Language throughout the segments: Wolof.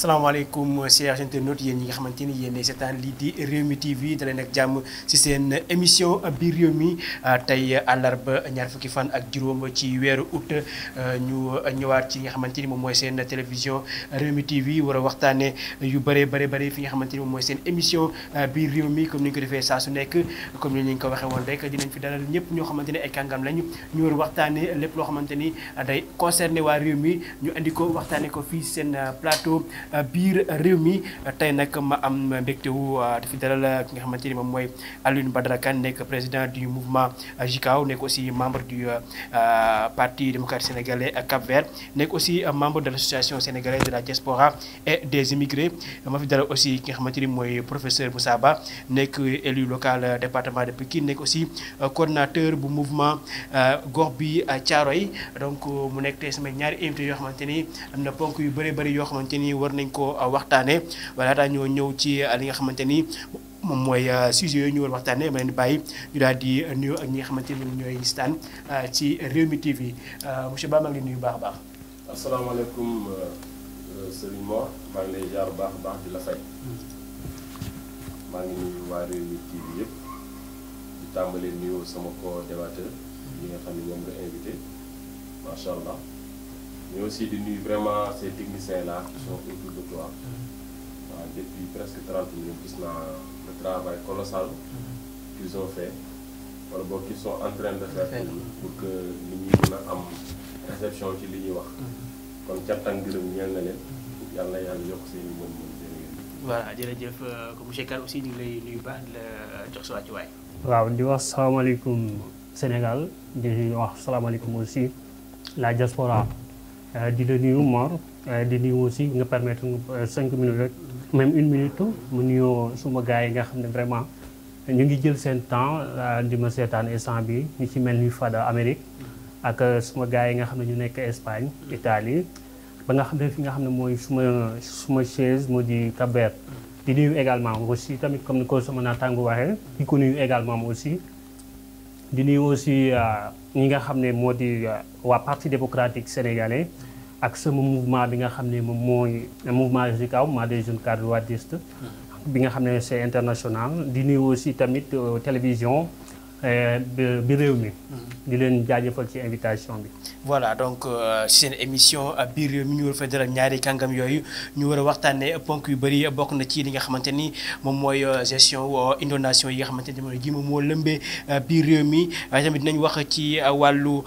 salaamaaleykum euh, chers internautes yéen ñi nga xamante ni yéen seetaan lii di Rewmi TV daleen ak jàmm ci seen émission biir réew mi euh, tey àllarba ñaar fukki fan ak juróom ci weeru août euh, ñu ñëwaat ci xamante ni moom mooy seen télévision Rewmi TV war a waxtaanee yu bare bare bëri fi nga xamante ni moom mooy seen émission biir réew mi comme ni ñu ko defee saa su nekk comme ni ñu ko waxee woon rek dinañ fi dalal ñëpp ñoo xamante ni ay kàngam lañu ñu war a waxtaanee lépp loo xamante ni day concerné waa réew mi ñu indi ko waxtaanee ko fii seen plateau. biir réew mi tey nag ma am mbégte wu ah, dafi dalal ah, ki nga xamante ni moom mooy Alioune Badara Kane nekk président du mouvement ah, JICAO nekk aussi membre du parti démocratique sénégalais Cap-Vert nekk aussi membre de l'association sénégalaise de la diaspora et des immigrés ma fi dalal aussi ki nga xamante ni mooy professeur bu saaba nekk élu local département de Pikine nekk aussi coordonnateur bu mouvement gox bi Thiaroye donc mu nekk tey sama ñaari invité yoo xamante ni nañ ko euh, waxtaane wala daa ñoo ñëw ci euh, li nga xamante ni moom mooy euh, sujet yooyu ñu war waxtaanee ma leen bàyyi ñu daal di ak ñi nga xamante ni ñooy gistaan ci Rewmi TV monsieur Ba maa lay baax baax. asalaamaaleykum Serigne Mor maa ngi lay jaar baax baax di la fay. Hmm. maa ngi nuyu waa Rewmi TV yëpp tàmbalee nuyoo sama co-débatteur. ñi hmm. nga xam ne moom nga invité macha allah. mais aussi de nuit vraiment ces techniciens là qui sont autour de toi. waaw depuis presque trente minutes gis naa le travail colossal qu'ils ont fait wala boog qu'ils sont de faire pour que nit ñi mën a am réception ci li ñuy wax. Mm-hmm. kon càttan gërëm ñeel na leen. Mm-hmm. yàlla yàlla yokk seen i mën-mën voilà euh, monsieur Kane aussi ñu euh, di wax salaamaaleykum Sénégal wax salaamaaleykum aussi la diaspora Euh, di la nuyu Mor euh, di nuyu aussi nga permettre euh, cinq minutes rek même une minute mu nuyoo suma gars yi nga xam ne vraiment ñu ngi jël seen temps di ma seetaan instant bi ñu ci mel ni Fada Amérique ak suma gars yi nga xam ne ñu nekk Espagne Italie ba nga xam ne fi nga xam ne mooy suma suma chaise moo di Cap-Vert di nuyu également aussi tamit comme ni ko sama naataango waxee di ko nuyu également aussi di nuyu aussi euh, ñi nga xam ne moo di euh, waa parti démocratique sénégalais ak sama mouvement bi nga xam ne moom mooy mouvement JCAW mouvement des jeunes cadres wadistes bi nga xam ne c'est international di nuyu aussi tamit euh, télévision bi réew mi. di leen jaajëfal ci invitation bi. voilà donc euh, seen émission euh, biir réew mi ñu war fa ñaari kàngam yooyu ñu war a waxtaanee ponk yu bëri bokk na ci li nga xamante ni moom mooy euh, gestion inondation yi xamante ni jamono ji moom moo lëmbee biir réew mi tamit dinañ wax ci wàllu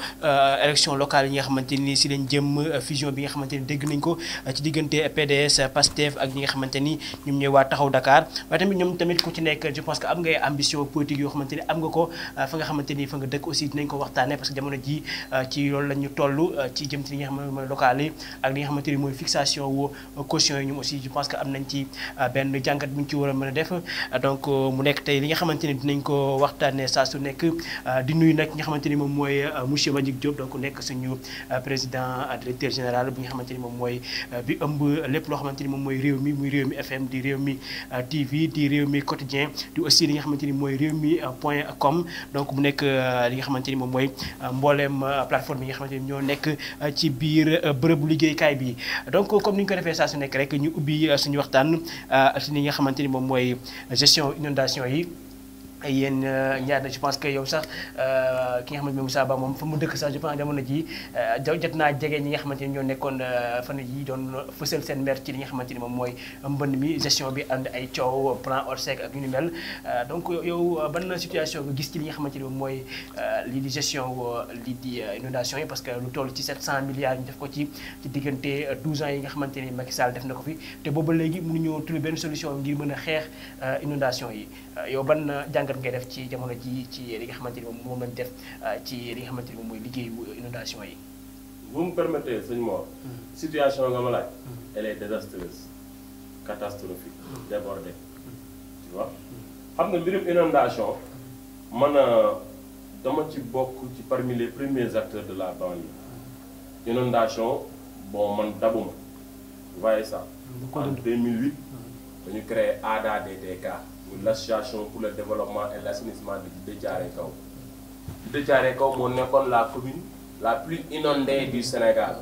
élection locale yi nga xamante ni si leen jëm fusion bi nga xamante ni dégg nañ ko ci diggante PDS PASTEF ak ñi nga xamante ni ñoom ñooy waa taxaw dakaar waaye tamit ñoom tamit ku ci nekk je pense que am ngay ambition politique yoo xamante ni am nga ko. Euh, fa nga xamante ni fa nga dëkk aussi dinañ ko waxtaanee parce que jamono ji euh, ci loolu la ñu toll euh, ci jëm ci li nga xamante mooy local yi ak xamante ni mooy fixation wu caution yi ñoom aussi je pense que am nañ ci benn jàngat bi ñu ci war a mën a def donc mu nekk tey li nga xamante ni dinañ ko waxtaanee saa su nekk di nuyu nag nga xamante ni moom mooy monsieur Mbagnick Diop donc nekk suñu président directeur général bi nga xamante ni moom mooy bi ëmb lépp loo xamante ni moom mooy réew mi muy réew mi FM di réew mi TV di réew mi quotidien di aussi li nga xamante ni mooy réew mi point com donc mu nekk euh, li nga xamante ni moom mooy euh, mboolem euh, plateforme bi nga xamante ni ñoo nekk ci biir bërëbu liggéeykaay bi donc comme ni ñu ko defee saa su nekk rek ñu ubbi suñu waxtaan su li nga xamante ni moom mooy gestion inondation yi yéen euh, ñaar je pense que yow sax euh, ki nga xamante ne Moussa Ba moom fa mu dëkk sax je pense ah, jamono ji euh, jot naa jege ñi nga xamante ne ñoo nekkoon fan yi doon fësal ci li nga xamante ni moom mooy mbënn mi gestion bi ànd ay coow plan Orsec ak yu donc yow ban situation nga gis ci li nga xamante ni moom mooy lii di gestion lii di inondation yi parce que lu toll ci 700 milliards ñu def ko ci diggante 12 ans yi nga xamante ni Macky Sall def na ko fi te booba léegi mënuñoo trouver benn solution ngir mën a xeex inondation yi jàngat def ci jamono ji ci li nga xamante ni moom moom def euh, ci li nga xamante ni moom mooy liggéeyu inondation yi. bu mu permettre sëñ hmm. situation nga ma laaj. Hmm. elle est désastreuse catastrophique hmm. débordée tu vois xam nga mbirum inondation man euh, dama ci bokk ci parmi les premiers acteurs de la banlieue inondation bon man dabuma vous voyez ça en 2008 dañu créé l'association pour le développement et l'assainissement de Djidah Thiaroye Kao Djidah Thiaroye Kao moo nekkoon la commune la plus inondée du Sénégal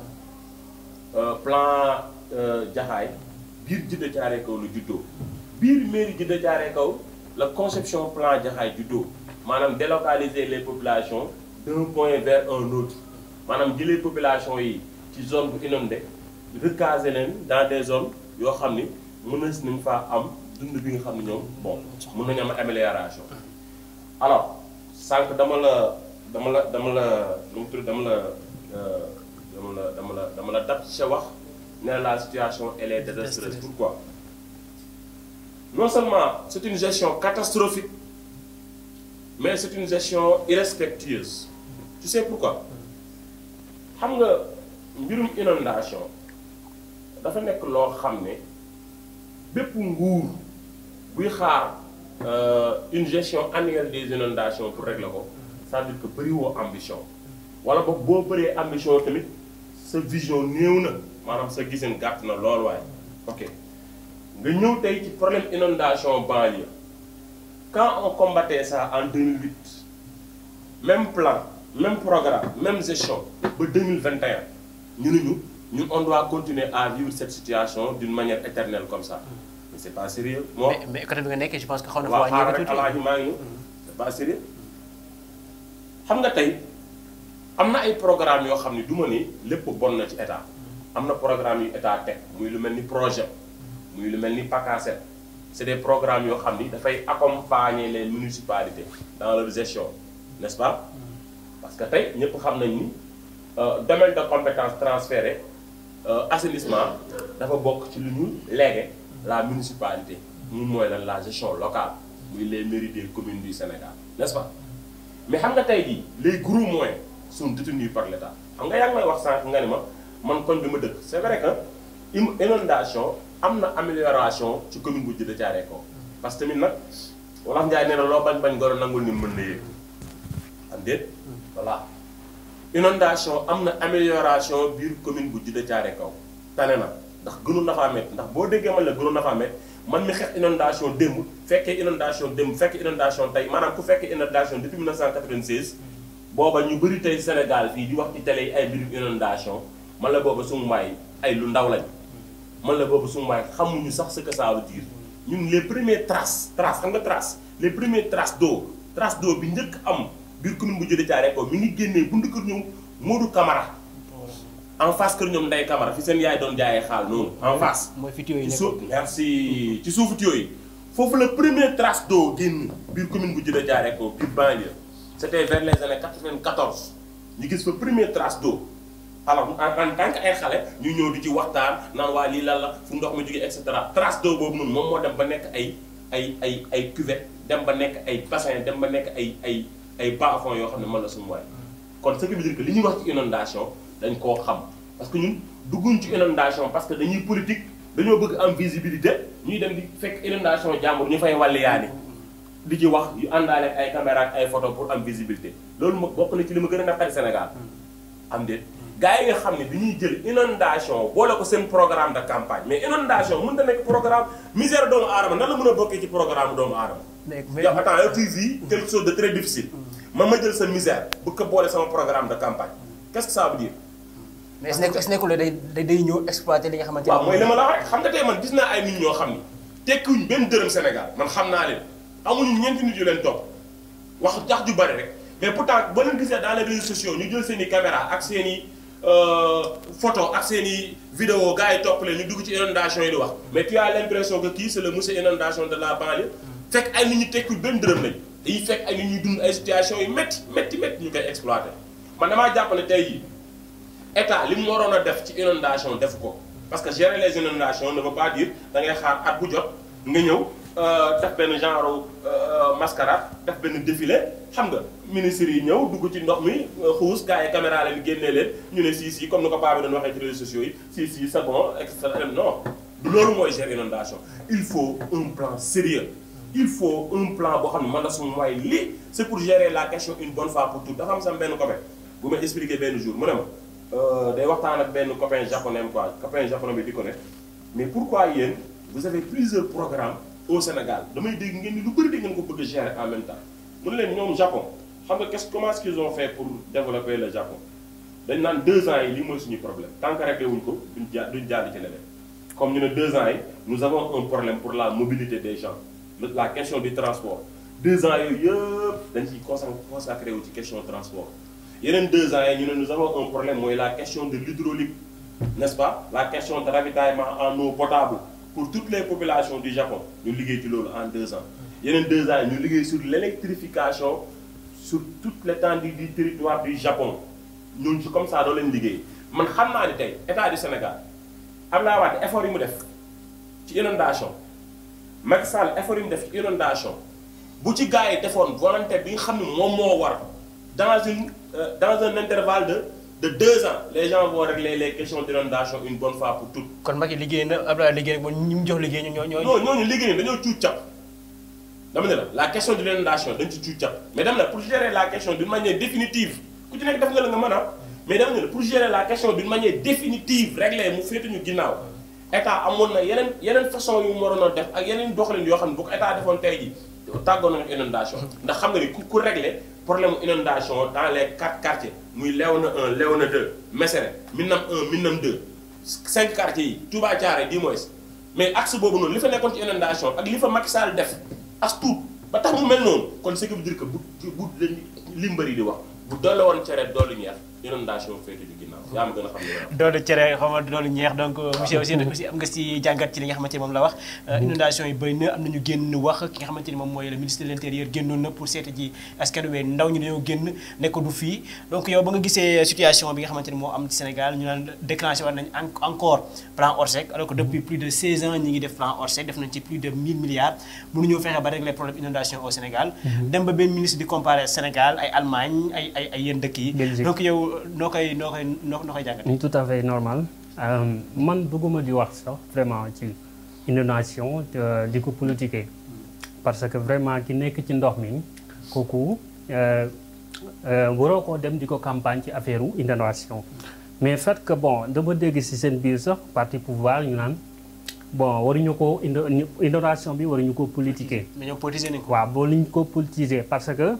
euh, plan euh, Jaxaay biir Djidah Thiaroye Kao lu juddoo biir mairie Djidah jaaree kaw la conception plan Jaxaay juddoo maanaam délocaliser les populations d'un point vers un autre maanaam jëlee population yi ci zone bu inondée recaser leen dans des zone yoo xam ni mën na si nañ faa am dund bi nga xam ne ñoom bon mën nañu am amélioration alors sànq dama la dama la dama la nu mu dama la euh, dama la dama la dama la dab sa wax ne la situation elle est pour quoi non seulement c'est une gestion catastrophique mais c'est une gestion irrespectueuse tu sais pourquoi xam nga mbirum inondation dafa nekk loo xam ne bépp nguur buy xaar euh, une gestion annuelle des inondations pour régler ko cest dire que bëri ambition wala boog boo bëree ambition tamit sa vision néew na maanaam sa gisin gàtt na lool waaye ok nga ñëw tey ci problème inondation banlieue quand on combattait ça en 2008 même plan même programme même gestion ba 2021 ñu ne ñu ñun on doit continuer à vivre cette situation d'une manière éternelle comme ça c' est pas sérieux. moo mais mais côté bi nga nekkee je pense que xaw na fa wàññeeku tuuti waaw maa ngi c' est pas sérieux xam nga tey am na ay programme yoo xam ne du ma ni lépp bon na ci état am na programme yu état teg muy lu mel ni projet muy lu mel ni PACASEN c' e. est des programmes yoo xam ni dafay accompagner les municipalités dans leur gestion n' est ce pas parce que tey ñëpp xam nañ ni euh, domaine de compétence transféré euh, assainissement dafa bokk ci lu ñu léegi la municipalité moom mooy lan la gestion locale muy les mairies des communes du Sénégal n'est-ce pas mais xam nga tey di les gros moyens sont détenus par l'État xam nga yaa ngi may wax sànq nga ne ma man koñ bi ma dëkk c'est vrai que inondation am na amélioration ci commune bu Djeddah Thiaroye Kaw parce que tamit nag wolof Njaay nee na loo bañ bañ goro nangul ni mën na yëg am déet voilà inondation am na amélioration biir commune bu Djeddah Thiaroye Kaw tane na ndax gënoon na faa métti ndax boo déggee man la gënoon na faa man mi xeex inondation démb fekkee inondation démb fekk inondation tey maanaam ku fekkee inondation depuis 1996 booba ñu bëri tey Sénégal fii di wax ci ay mbirum inondation man la booba suñu maay ay lu ndaw lañ man la boobu suñu maay xamuñu sax ce que ça veut dire ñun les premiers traces traces xam nga trace les premiers traces d'eau trace d'eau bi njëkk am biir commune bu Jodé Thiaroye ko mi ngi génnee bundu kër ñoom Modou Camara en face kër ñoom Ndeye Camara fi seen yaay doon jaayee xaal noonu en face. mooy fi tuyoo yi ci suufu tuyoo yi foofu la première trace d'eau génn biir commune bu Djida Thiaroye Kao biir banlieue c'était vers les années 94 ñu gis fa première trace d'eau alors en tant ay xale ñu ñëw di ci waxtaan naan waa lii lan la fu ndox mi jógee et cetera boobu noonu moom moo dem ba nekk ay ay ay ay cuvette dem ba nekk ay bassin dem ba nekk ay ay ay bas yoo xam ne mën la suñu kon ce qui veut wax ci dañ koo xam parce que ñun dugguñ ci inondation parce que dañuy politique dañoo bëgg am visibilité ñuy dem di fekk inondation jàmbur ñu fay walliyaani di ci wax yu àndaale ak ay caméra ak ay photo pour am visibilité loolu ma bokk na ci li ma gën a naqari Sénégal am déet gars yi nga xam ne dañuy jël inondation boole ko seen programme de campagne mais inondation mën na nekk programme misère doomu aadama nan la mën a bokkee ci programme doomu aadama yow attends yow tu mm. boole sama programme de campagne qu'est-ce mais est-ce nekkul day day ñëw exploiter li nga xamante ne. waaw mooy li ma la wax rek xam nga tey man gis naa ay nit ñoo xam ni tekkiwuñ benn dërëm Sénégal man xam naa leen amuñu ñeenti nit yu leen topp wax tax ju bari rek mais pourtant boo leen gisee dans les réseaux sociaux ñu jël seen i caméra ak seen i euh, photo ak seen i vidéo yi topp leen ñu dugg ci inondation yi di wax. mais tu as l'impression que kii c'est le monsieur inondation de la banlieue. fekk ay nit ñu tekkiwuñ benn dërëm lañ. dañuy fekk ay nit ñuy dund ay situation yu métti métti métti ñu koy exploiter man tey jii état li mu waroon a def ci inondation def ko parce que gérer les inondations ne veut pas dire da ngay xaar at bu jot nga ñëw euh, def benn genre euh, mascarade def benn défilé xam nga ministre yi ñëw dugg ci ndox mi euh, xuus gars yi caméra leen génnee leen ñu ne si si comme ni ko paa bi doon waxee ci réseaux sociaux yi si si c'est bon et non du loolu mooy gérer inondation il faut un plan sérieux il faut un plan boo xam ne man la suma mooy lii c'est pour gérer la question une benn copain bu benn jour mu Euh, day waxtaan ak benn copain japonais quoi copain japonais di ko ne mais pourquoi yéen vous avez plusieurs programmes au Sénégal damay dégg ngeen ni lu bëri da ngeen ko bëgg a gérer en même leen ñoom Japon xam nga qu'est-ce on est fait pour développer le Japon dañ naan deux ans yi lii mooy suñu problème tant que réglé ko duñ ja duñ jàll ci leneen comme ñu ne deux ans yi nous avons un problème pour la mobilité de gens la question du transport deux ans yooyu yëpp dañ ciy consacré wu ci question transport yeneen deux ans yi ñu ne nous avons un problème mooy la question de l'hydraulique n'est-ce pas la question de ravitaillement en eau potable pour toutes les populations du Japon ñu liggéey ci loolu en deux ans yeneen deux ans ñu liggéey sur l'électrification sur toute l'étendue du territoire du Japon ñun ci comme ça doo leen liggéey man xam naa ni tey état du Sénégal am naa waat effort yi mu def ci inondation Macky Sall effort yi mu def ci inondation bu ci yi defoon volonté bi nga xam ne moom moo war dans Euh, dans un intervalle de de deux ans les gens vont régler les questions d'inondation une bonne fois pour toutes. kon Macky liggéey na Abdoulaye liggéey na ñu mu jox liggéey ñun ñooñu. non ñooñu liggéey dañoo cuut càpp dama ne la la question de l'inondation dañ ci la question d'une ci nekk a mais dama ne la pour gérer la question d'une manière définitive réglée mu féete ñu ginnaaw état amoon na yeneen yeneen façon yu mu waroon a def ak yeneen doxalin yoo xam ne bu ko état defoon tàggoo nañu inondation ndax xam nga ni ku ku régler problème inondation dans les quatre quartiers muy Léona 1 Léona 2 Mesere Minam 1 Minam 2 cinq quartiers yi Touba Thiaré du moins mais axe boobu noonu li fa nekkoon ci inondation ak li fa Macky Sall def as tuut ba tax mu mel noonu kon ce qui veut bu bu li mbëri di wax bu doole woon cere doolu ñeer inondation féete ju ginnaaw yaa ma a xam ne doolu cere xaw ma doolu ñeex donc ah. monsieur aussi aussi am euh, mm. moom mooy ministre de l'intérieur bi nga xamante ni moo am ci Sénégal de mm-hmm. dem ba benn ministre di comparer Sénégal ay Allemagne ay ay ay yéen dëkk yi donc yow noo koy noo koy noo koy jàngatee. tout à euh, man bëgguma di wax sax vraiment ci inondation euh, di ko politiquer parce que vraiment ki nekk ci ndox mi kooku euh, waroo koo dem di ko campagne ci affaire u mais fait que bon dama dégg si seen biir sax parti pouvoir ñu naan bon waruñu ko inondation bi waruñu ko politiquer. dañoo politiser nañ ko. waaw ko politiser parce que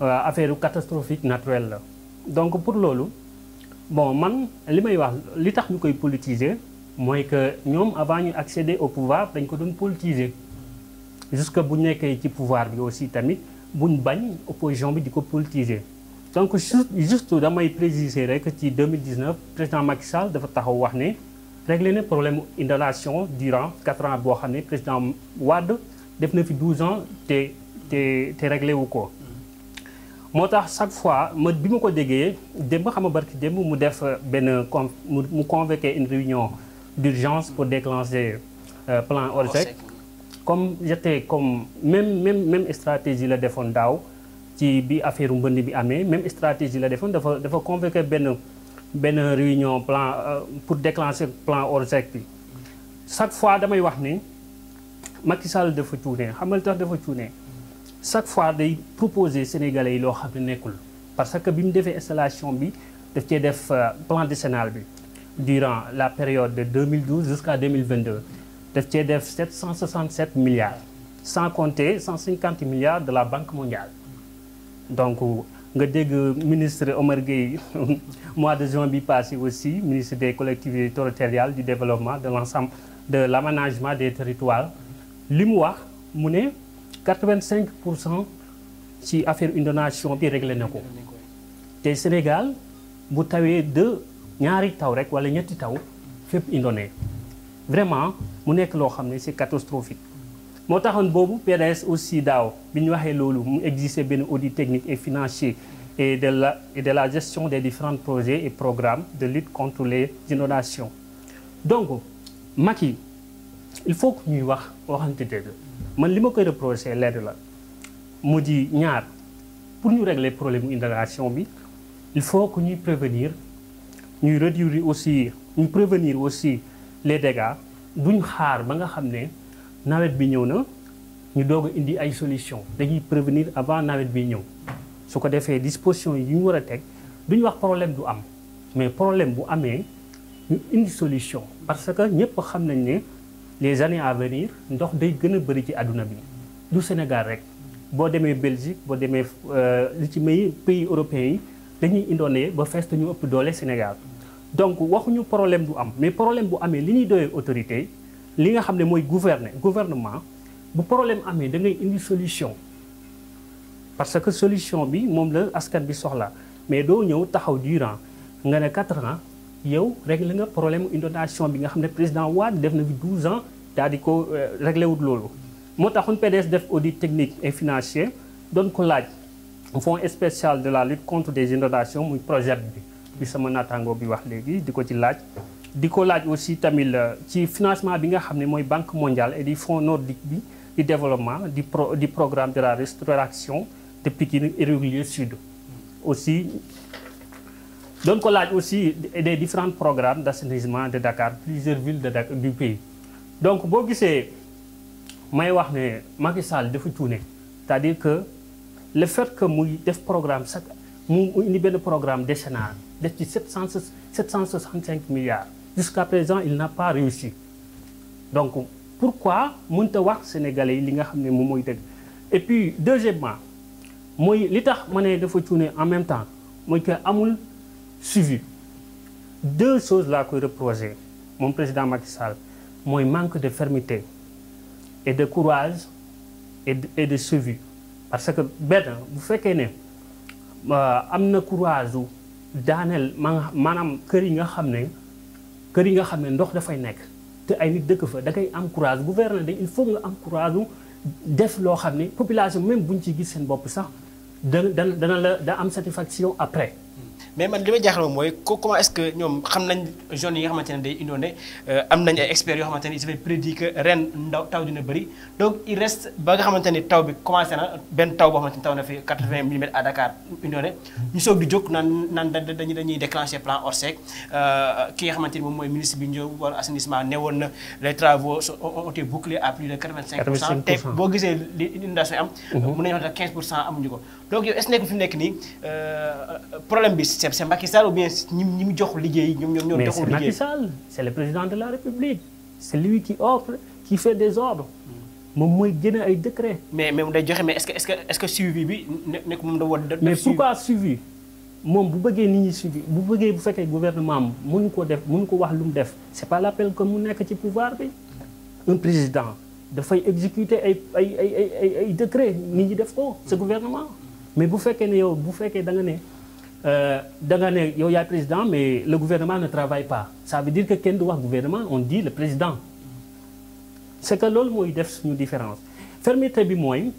affaire catastrophique naturelle la. donc pour loolu bon man li may wax li tax ñu koy politiser mooy que ñoom avant ñu accéder au pouvoir dañ ko doon politiser jusque bu nekkee ci pouvoir bi aussi tamit buñ bañ opposition bi di ko politiser donc juste damay préciser rek ci 2019 président Macky Sall dafa taxaw wax ne réglé na problème inondation durant 4 ans boo xam ne président wàdd def na fi 12 ans te te te réglé wu ko moo tax chaque fois ma bi ma ko déggee démb xam ma barki démb mu def euh, benn con mu convoqué une réunion d'urgence pour déclencher euh, plan Orsec comme j'étais comme même même même stratégie la defoon daaw ci bi affaire mbënd bi amee même stratégie la defoon dafa dafa convoqué benn benn réunion plan euh, pour déclencher plan Orsec bi chaque fois damay wax ni Macky Sall dafa cuune xam nga tax dafa cuune chaque fois day proposer sénégalais yi loo xam ne nekkul parce que bi mu defee installation bi daf cee def euh, plan décennal bi durant la période de 2012 jusqu'à 2022 daf cee def 767 milliards sans compter 150 milliards de la Banque mondiale donc nga dégg ministre Omar Gueye mois de juin bi passé aussi ministre des collectivités territoriales du développement de l'ensemble de l'aménagement des territoires li mu wax mu ne quatre-vingt-cinq pour cent ci affaire inondation bi réglé na ko te Sénégal bu tawee de ñaari taw rek wala ñetti taw fépp inondé vraiment mu nekk loo xam ne c'est catastrophique moo taxoon boobu PDS aussi daaw bi ñu waxee loolu mu existé benn audit technique et financier et de la de la gestion des différents projets et programmes de lutte contre les inondations donc Macky il faut que ñuy wax waxante dëgg man li ma koy reproché lenn la mu di ñaar pour ñu régler problème mu inondation bi il faut que ñuy prévenir ñuy réduire aussi ñu prévenir aussi les dégâts duñ xaar ba nga xam ne nawet bi ñëw na ñu doog a indi ay solution dañuy prévenir avant nawet bi ñëw su ko defee disposition yi ñu war a teg duñ wax problème du am mais problème bu amee ñu indi solution parce que ñëpp xam nañ ne les années à venir ndox day gën a bëri ci àdduna bi du Sénégal rek boo demee Belgique boo demee euh, li ci may pays européens yi dañuy indoonee ba fees ñu ëpp doole Sénégal donc waxuñu problème bu am mais problème bu amee li ñuy doyee autorité li nga xam ne mooy gouverner gouvernement bu problème amee da indi solution parce que solution bi moom la askan bi soxla mais doo ñëw taxaw durant nga ne quatre ans yow réglé nga problème inondation bi nga xam ne président Wade def na fi 12 ans daal di ko euh, réglé wut loolu. moo taxoon PDS def audit technique et financier doon ko laaj fonds spécial de la lutte contre des inondations muy projet bi bi sama naataangoo bi wax léegi di ko ci laaj. di ko laaj aussi tamit euh, ci financement bi nga xam ne mooy banque mondiale et di fonds nordique bi di développement di pro di programme de la restauration de Pikine irrégulier sud doon ko laaj aussi des différents programmes d'assainissement de Dakar plusieurs villes de Dakar du pays donc boo gisee may wax ne Macky Sall dafa tuune cest à que le fait que muy def programme mu indi benn programme décennal def ci 700 765 milliards jusqu'à présent il n'a pas réussi donc pourquoi mënta wax sénégalais yi li nga xam ne moom mooy dëgg et puis deuxièmement mooy li tax ma ne dafa cuune en même temps mooy que amul suivi deux choses laa koy reprocher moom président Macky mooy manque de fermité et de courage et de et parce que benn bu fekkee ne euh, am na courage su daaneel maanaam kër yi nga xam ne kër yi nga xam ne ndox dafay nekk te ay nit dëkk fa da ngay am courage gouvernement dañ il faut nga am courage def loo xam ne population même buñ ci gis seen bopp sax dana dana dana la da am satisfaction après. mais man li ma jaaxal mooy ko comment est-ce que ñoom xam nañ zones yi nga xamante ne day inondé euh, am nañ ay experts yoo xamante ni ils avaient prédit que ren ndaw taw dina bëri donc il reste ba nga xamante ni taw bi commencé na benn taw boo xamante ni taw na fi 80 millimètres à Dakar inondé ñu soog di jóg naan naan dañuy dañuy déclencher plan Orsec euh, ki nga xamante ni moom mooy ministre bi ñëw wala assainissement ne woon na les travaux ont été bouclés à gisee li inondation am. mun mhm. nañu wax ko. donc yow est fi nekk nii euh, problème bi c'est c'est Macky Sall ou bien ñi ñi mu jox liggéey ñoom ñoom ñoo joxul liggéey mais c'est Macky Sall c'est le président de la République c'est lui qui offre qui fait des ordres moom mooy génne ay décret mais mais day joxe mais est-ce que bi nekk moom da war da mais pourquoi suivi moom bu bëggee nit ñi suivi bu bëggee bu fekkee gouvernement am mënu ko def mënu ko wax lu mu def c'est pas la peine que mu nekk ci pouvoir bi un président dafay exécuter ay ay ay ay ay décret nit ñi def ko ce gouvernement mais bu fekkee ne yow bu fekkee danga ne euh, da nga ne yow yaay président mais le gouvernement ne travaille pas ça veut dire que kenn du wax gouvernement on dit le président c' est que loolu mooy def suñu différence fermeté bi mooy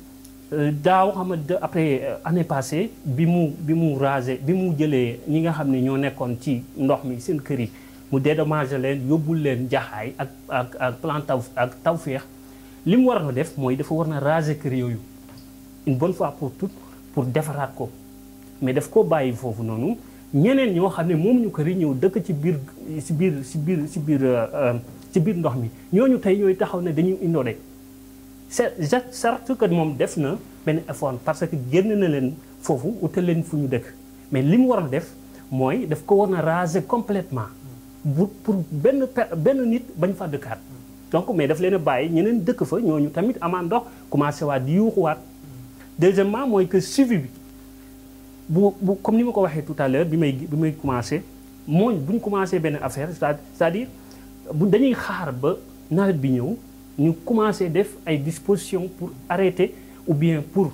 euh, daaw xam nga après euh, année passée bi mu bi mu rasé bi mu jëlee ñi nga xam ne ñoo nekkoon ci ndox mi seen kër yi mu dédommagé leen yóbbul leen jaxaay ak ak ak plan taw ak tawféex li mu war na def mooy dafa war na rasé kër yooyu une bonne fois pour toutes pour defaraat ko mais daf ko bàyyi foofu noonu ñeneen ñoo xam ne moom ñu ko yi ñëw dëkk ci biir ci biir ci biir ci biir euh, ci biir ndox mi ñooñu tey ñooy taxaw ne dañuy inondé c'est certes que moom def na benn effort parce que génn na leen foofu utal leen fu ñu dëkk mais li mu war a def mooy daf ko war na raser complètement bu pour benn benn nit bañ fa dëkkaat donc mais daf leen a bàyyi ñeneen dëkk fa ñooñu tamit amaan ndox commencé waat di yuuxuwaat deuxièmement mooy que suivi bi bu bu comme ni ma ko waxee tout à l'heure bi may bi may commencé mooñ bu ñu commencé benn affaire c'est-à-dire bu dañuy xaar ba nawet bi ñëw ñu commencé def ay dispositions pour arrêter ou bien pour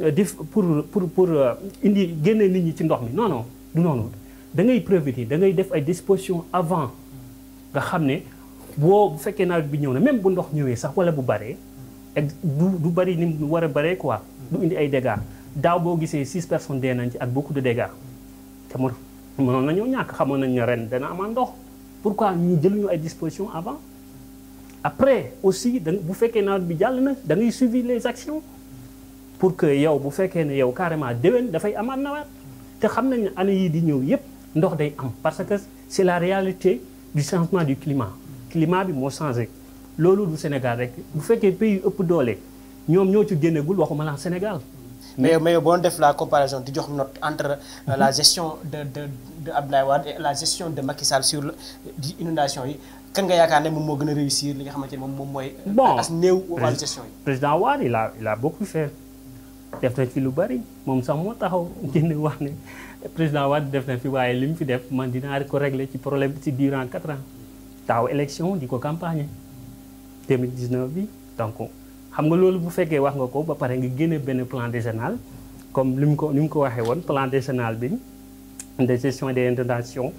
euh, def pour pour pour euh, indi génne nit ñi ci ndox mi non non du noonu dangay ngay prévenir da ngay def ay dispositions avant nga xam ne boo fekkee nawet bi ñëw na même bu ndox ñëwee sax wala bu baree du du bari ni war a baree quoi du indi ay dégâts daaw boo gisee six personnes dee nañ ci ak beaucoup de dégâts te mu mënoon nañoo ñàkk xamoon nañ ne ren dana amaan ndox pour pourquoi ñu ñu ay dispositions avant après aussi da bu fekkee nawet bi jàll na da ngay suivi les actions pour que yow bu fekkee ne yow carrément déwén dafay amaat nawet te xam nañ ne année yii di ñëw yépp ndox day am parce que c'est la réalité du changement du climat climat bi moo changé loolu du Sénégal rek bu fekkee pays ëpp doole ñoom ñoo ci génneegul waxuma la Sénégal. mais mais boo def la comparaison di jox note entre euh, la gestion de de de Abdoulaye Wade la gestion de Macky Sall sur di inondation yi kan nga yaakaar ne moom moo gën a réussir li nga xamante moom moom mooy. Euh, bon as néew wàllu gestion yi. président Wade il a def na lu bari moom sax moo taxaw génn wax ne président Wade def na fi waaye li mu fi def man dinaa ko régler ci problème si durant quatre ans taxaw élection di ko campagne 2019 bi donc. xam nga loolu bu fekkee wax nga ko ba pare nga génne benn plan décennal comme li mu ko li mu ko waxee woon plan décennal bi de gestion des inondations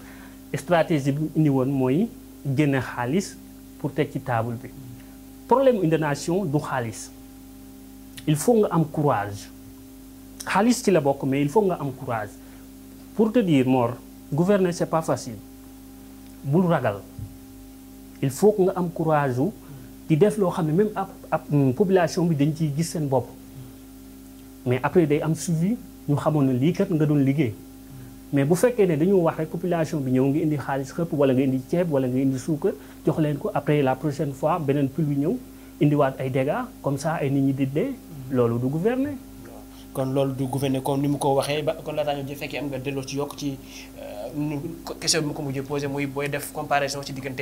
stratégie bi mu indi woon mooy génne xaalis pour teg ci table bi problème inondation du xaalis il faut nga am courage xaalis ci la bokk mais il faut nga am courage pour te diir Mor gouverner c'est pas facile bul ragal il faut nga am courage di def loo xam ne même ab ab mm, population bi dañ ciy gis seen bopp mais après day am suivi ñu xamoon ne lii kat nga doon liggéey mais bu fekkee ne dañu wax rek population bi ñëw nga indi xaalis xëpp wala nga indi ceeb wala nga indi suukar jox leen ko après la prochaine fois beneen pluie ñëw indiwaat ay dégâts comme ça ay nit ñi di loolu du gouverner. kon loolu du gouverner comme ni mu ko waxee ba kon laataa ñu fekkee am nga delloo ci yokk ci euh, question bi mu ko mujjee posé muy booy def comparaison ci diggante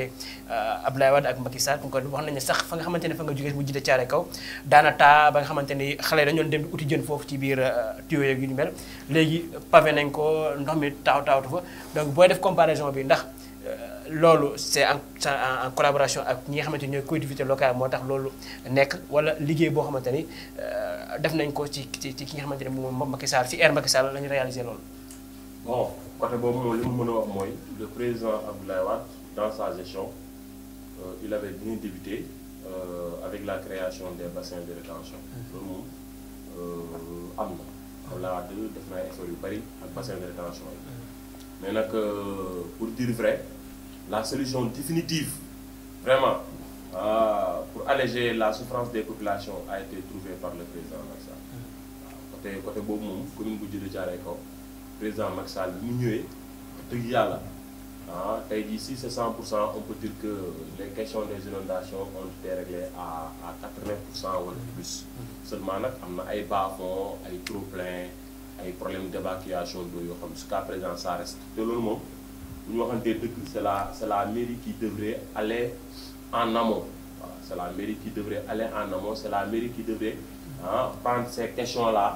euh, Abdoulaye Wade ak Macky Sall kon wax nañu sax fa nga xamante ne fa nga jugee mu jiite caare kaw daana taa ba nga xamante ni xale dañoon dem uti jën foofu ci biir euh, tuyau yeeg yu ñu mel léegi pavé nañ ko ndox mi taaw taawtu fa donc booy def comparaison bi ndax Euh, loolu c'est en en collaboration ak ñi nga xamante ni ñooy collectivité locale moo tax loolu nekk wala liggéey boo xamante ni euh, def nañ ko ci ci ci ki nga xamante ne moom Macky Sall ci air Macky Sall la ñu réalisé loolu. bon côté boobu li mu mën a mooy le président Abdoulaye Wade dans sa gestion euh, il avait bien débuté euh, avec la création des bassin de rétention. Mm-hmm. loolu moom euh, am na. Abdoulaye Wade def na effort yu bari ak bassin de rétention yi. Mm-hmm. mais nag pour dire vrai la solution définitive vraiment ah pour alléger la souffrance des populations a été trouvée par le président Macky Sall. waaw hmm. côté côté boobu moom commune bu Djidah Thiaroye Kaw président Macky Sall bi mu ñëwee dëgg yàlla ah tey jii si c'est 100 pour cent on peut dire que les questions des inondations ont été réglées à à 80 pour cent wala plus. Hmm. seulement nag am na ay bas ay trop-plein. ay problème d'évacuation d'eau yoo xam jusqu'à présent ça reste te loolu moom bu ñu waxantee dëgg c'est la c'est la mairie qui aller en amont voilà c'est la mairie qui devrait aller en amont c'est la mairie qui devrait ah prendre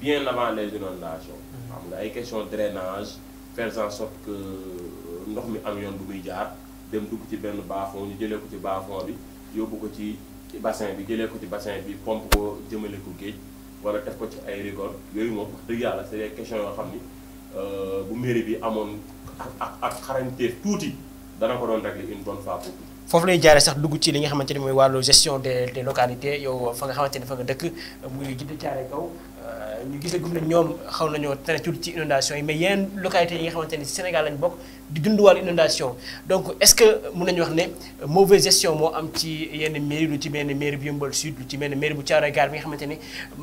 bien avant les inondations xam nga ay question drainage faire en sorte que euh, ndox mi am yoon bu muy jaar dem dugg ci benn bas ñu jëlee ko ci bas bi yóbbu ko ci bassin bi jëlee ko ci bassin bi pompe ko jëmale ko géej wala def ko ci ay rigor yooyu moom wax dëgg yàlla c'est des questions yoo xam ni euh, bu mairie bi amoon ak ak xarañte tuuti dana ko doon régler une bonne fois pour foofu lay jaaree sax dugg ci li nga xamante ni mooy wàllu gestion des des localités yow fa nga xamante fa nga dëkk muy Djiddah Thiaroye Kaw euh, ñu gis la gum na ñoom xaw nañoo tere tuuti ci inondation yi mais yeneen localités yi nga xamante ni Sénégal lañ bokk. di dund wàllu inondation donc est-ce que mun nañu wax ne mauvaise gestion moo am ci yenn mairie lu ci mel ne mairie bu Yeumbeul Sud lu ci mel ne mairie bu Thiaroye Gare bi nga xamante ni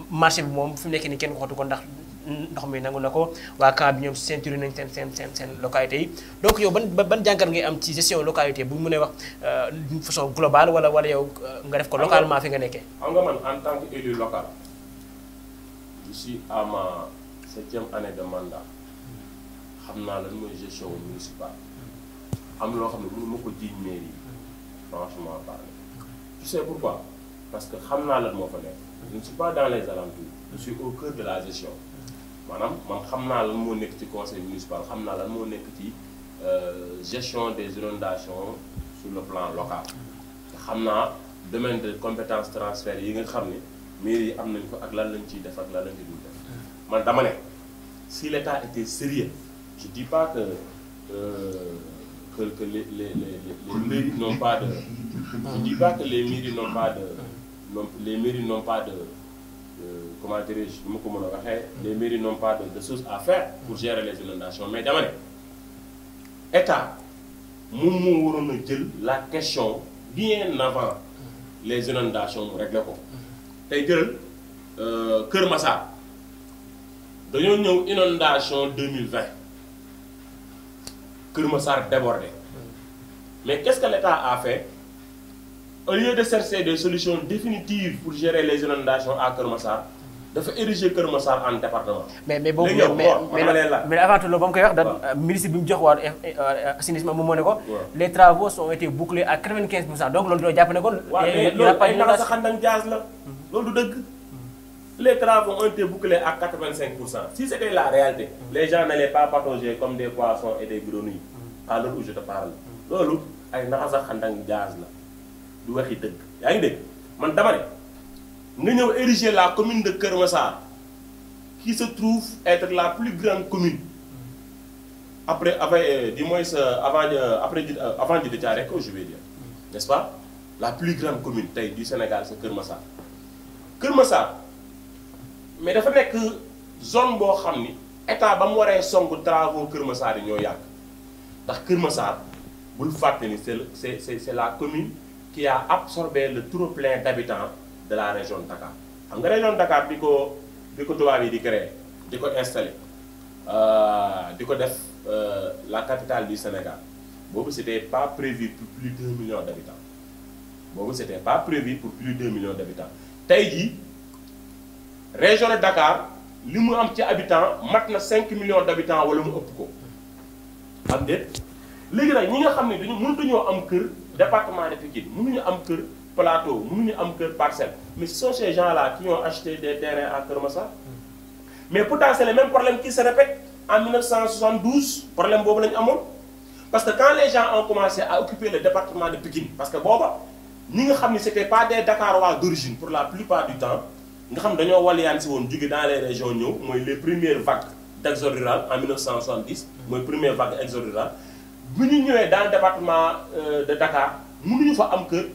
marché bi moom fu mu nekk nii kenn waxatu ko ndax ndox mi nangu na ko waa camp bi ñoom ceinture nañ seen seen seen seen localité yi donc yow ban ban jàngat ngay am ci gestion localité bu ñu mënee wax euh, d'une façon globale wala wala yow euh, nga def ko localement fi nga nekkee. xam nga man en tant qu'élu local je suis à ma septième année de mandat. xam naa lan mooy gestion municipale am loo xam ne mënu ma ko jiiñ mairie yi franchement parlé tu sais pourquoi parce que xam naa lan moo ko nekk je ne suis pas dans les alentours je suis au cœur de la gestion maanaam man xam naa lan moo nekk ci conseil municipal xam naa lan moo nekk ci euh, gestion des inondations sur le plan local xam naa domaine de compétence transfert yi nga xam ne mairie yi am nañ ko ak lan lañ ciy def ak lan lañ ciy dul def mm. man dama ne si l' état sérieux Je ne dis pas que, euh, que, que, les, les, les, les de. Je dis pas que les mairies n'ont pas de. Non, les mairies n'ont pas de. Euh, comment dirais-je nu ko mën a waxee. les mairies n'ont pas de, de choses à faire pour gérer les inondations mais dama ne état moom moo waroon a jël la question bien avant les inondations mu réglé ko. tey jëlal euh, Kër Massar dañoo ñëw inondation Kër Massar débordé. Mais qu'est-ce que l'État a fait? Au lieu de chercher des solutions définitives pour gérer les inondations à Kër Massar. dafa érigé Kër Massar en département. mais mais boobu mais mais avant tout loolu ba mu koy wax. waaw da ministre bi mu jox waa euh, assainissement moom moo ne ko. les travaux sont été bouclés à 95 pour cent donc loolu doo jàpp ne ko waaw mais loolu a naxas xandaŋ jaas la mm-hmm. loolu dëgg. les travaux ont été bouclés à 85 pour cent si c'était la réalité les gens n'allaient pas patauger comme des poissons et des grenouilles à l'heure où loolu ay naxas a xandang gaz la du waxi dëgg yaa ngi dégg man dama ne nga ñëw ériger la commune de Kër Massar qui se trouve être la plus grande commune après avant euh, du moins euh, avant euh, après avant Djidah Thiaroye Kao je vais dire nest pas la plus grande commune tey du Sénégal c'est Kër Massar Kër Massar mais dafa nekk zone boo xam ni état ba mu waree song travaux Kër Massar yi ñoo yàgg ndax Kër Massar bul fàtte ni c'est c'est c'est c'est la commune qui a absorbé le trop-plein d'habitants de la région de Dakar xam nga région de Dakar bi ko bi ko tubaab yi di créer di ko installer euh, di ko def euh, la capitale du Sénégal boobu c'était pas prévu pour plus de 2 millions d'habitants boobu c'était pas prévu pour plus de 2 millions d'habitants tey jii. région de Dakar li mu am ci habitants mat na cinq millions d' habitants wala mu ëpp ko am déet léegi nag ñi nga xam ne dañu mënatuñoo am kër département de Pikine ñu am kër plateau mënuñu am kër parcelle mais ce sont ces gens là qui ont acheté des terrains à Kër Massar mais pourtant c' est le même problème qui se répète en 1972 problème boobu la ñu amoon parce que quand les gens ont commencé a occuper le département de Pikine parce pour la plupart nga xam dañoo waliyaan woon jóge dans les région ñëw mooy les premières vagues d' exode rural en 1970. mooy première vague exode rural. bu ñu ñëwee dans le département euh, de Dakar mënuñu fa am kër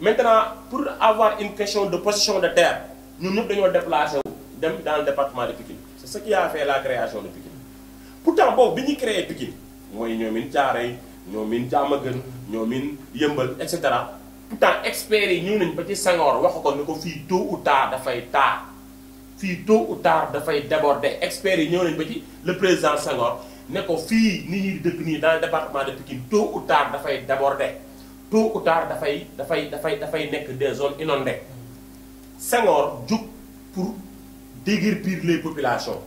maintenant pour avoir une question de possession de terre ñun ñëpp dañoo déplacé wu dem dans le département de Pikine c' est ce qui a fait la création de Pikine pourtant boobu bi ñuy créé Pikine mooy ñoomin Thiaroye ñoomin Diamaguène ñoomin Yëmbal et cetera. pourtant experts yi ñëw nañ ba ci Senghor wax ko ni ko fii tôt ou tard dafay taar fii tôt ou tard dafay déborder experts yi ñëw nañ ba ci le président Senghor ne ko fii ni ñuy dëkk nii dans le département de Pikine tôt ou tard dafay déborder tôt ou tard dafay dafay dafay dafay nekk des zones rek Senghor jug pour déguerpir les populations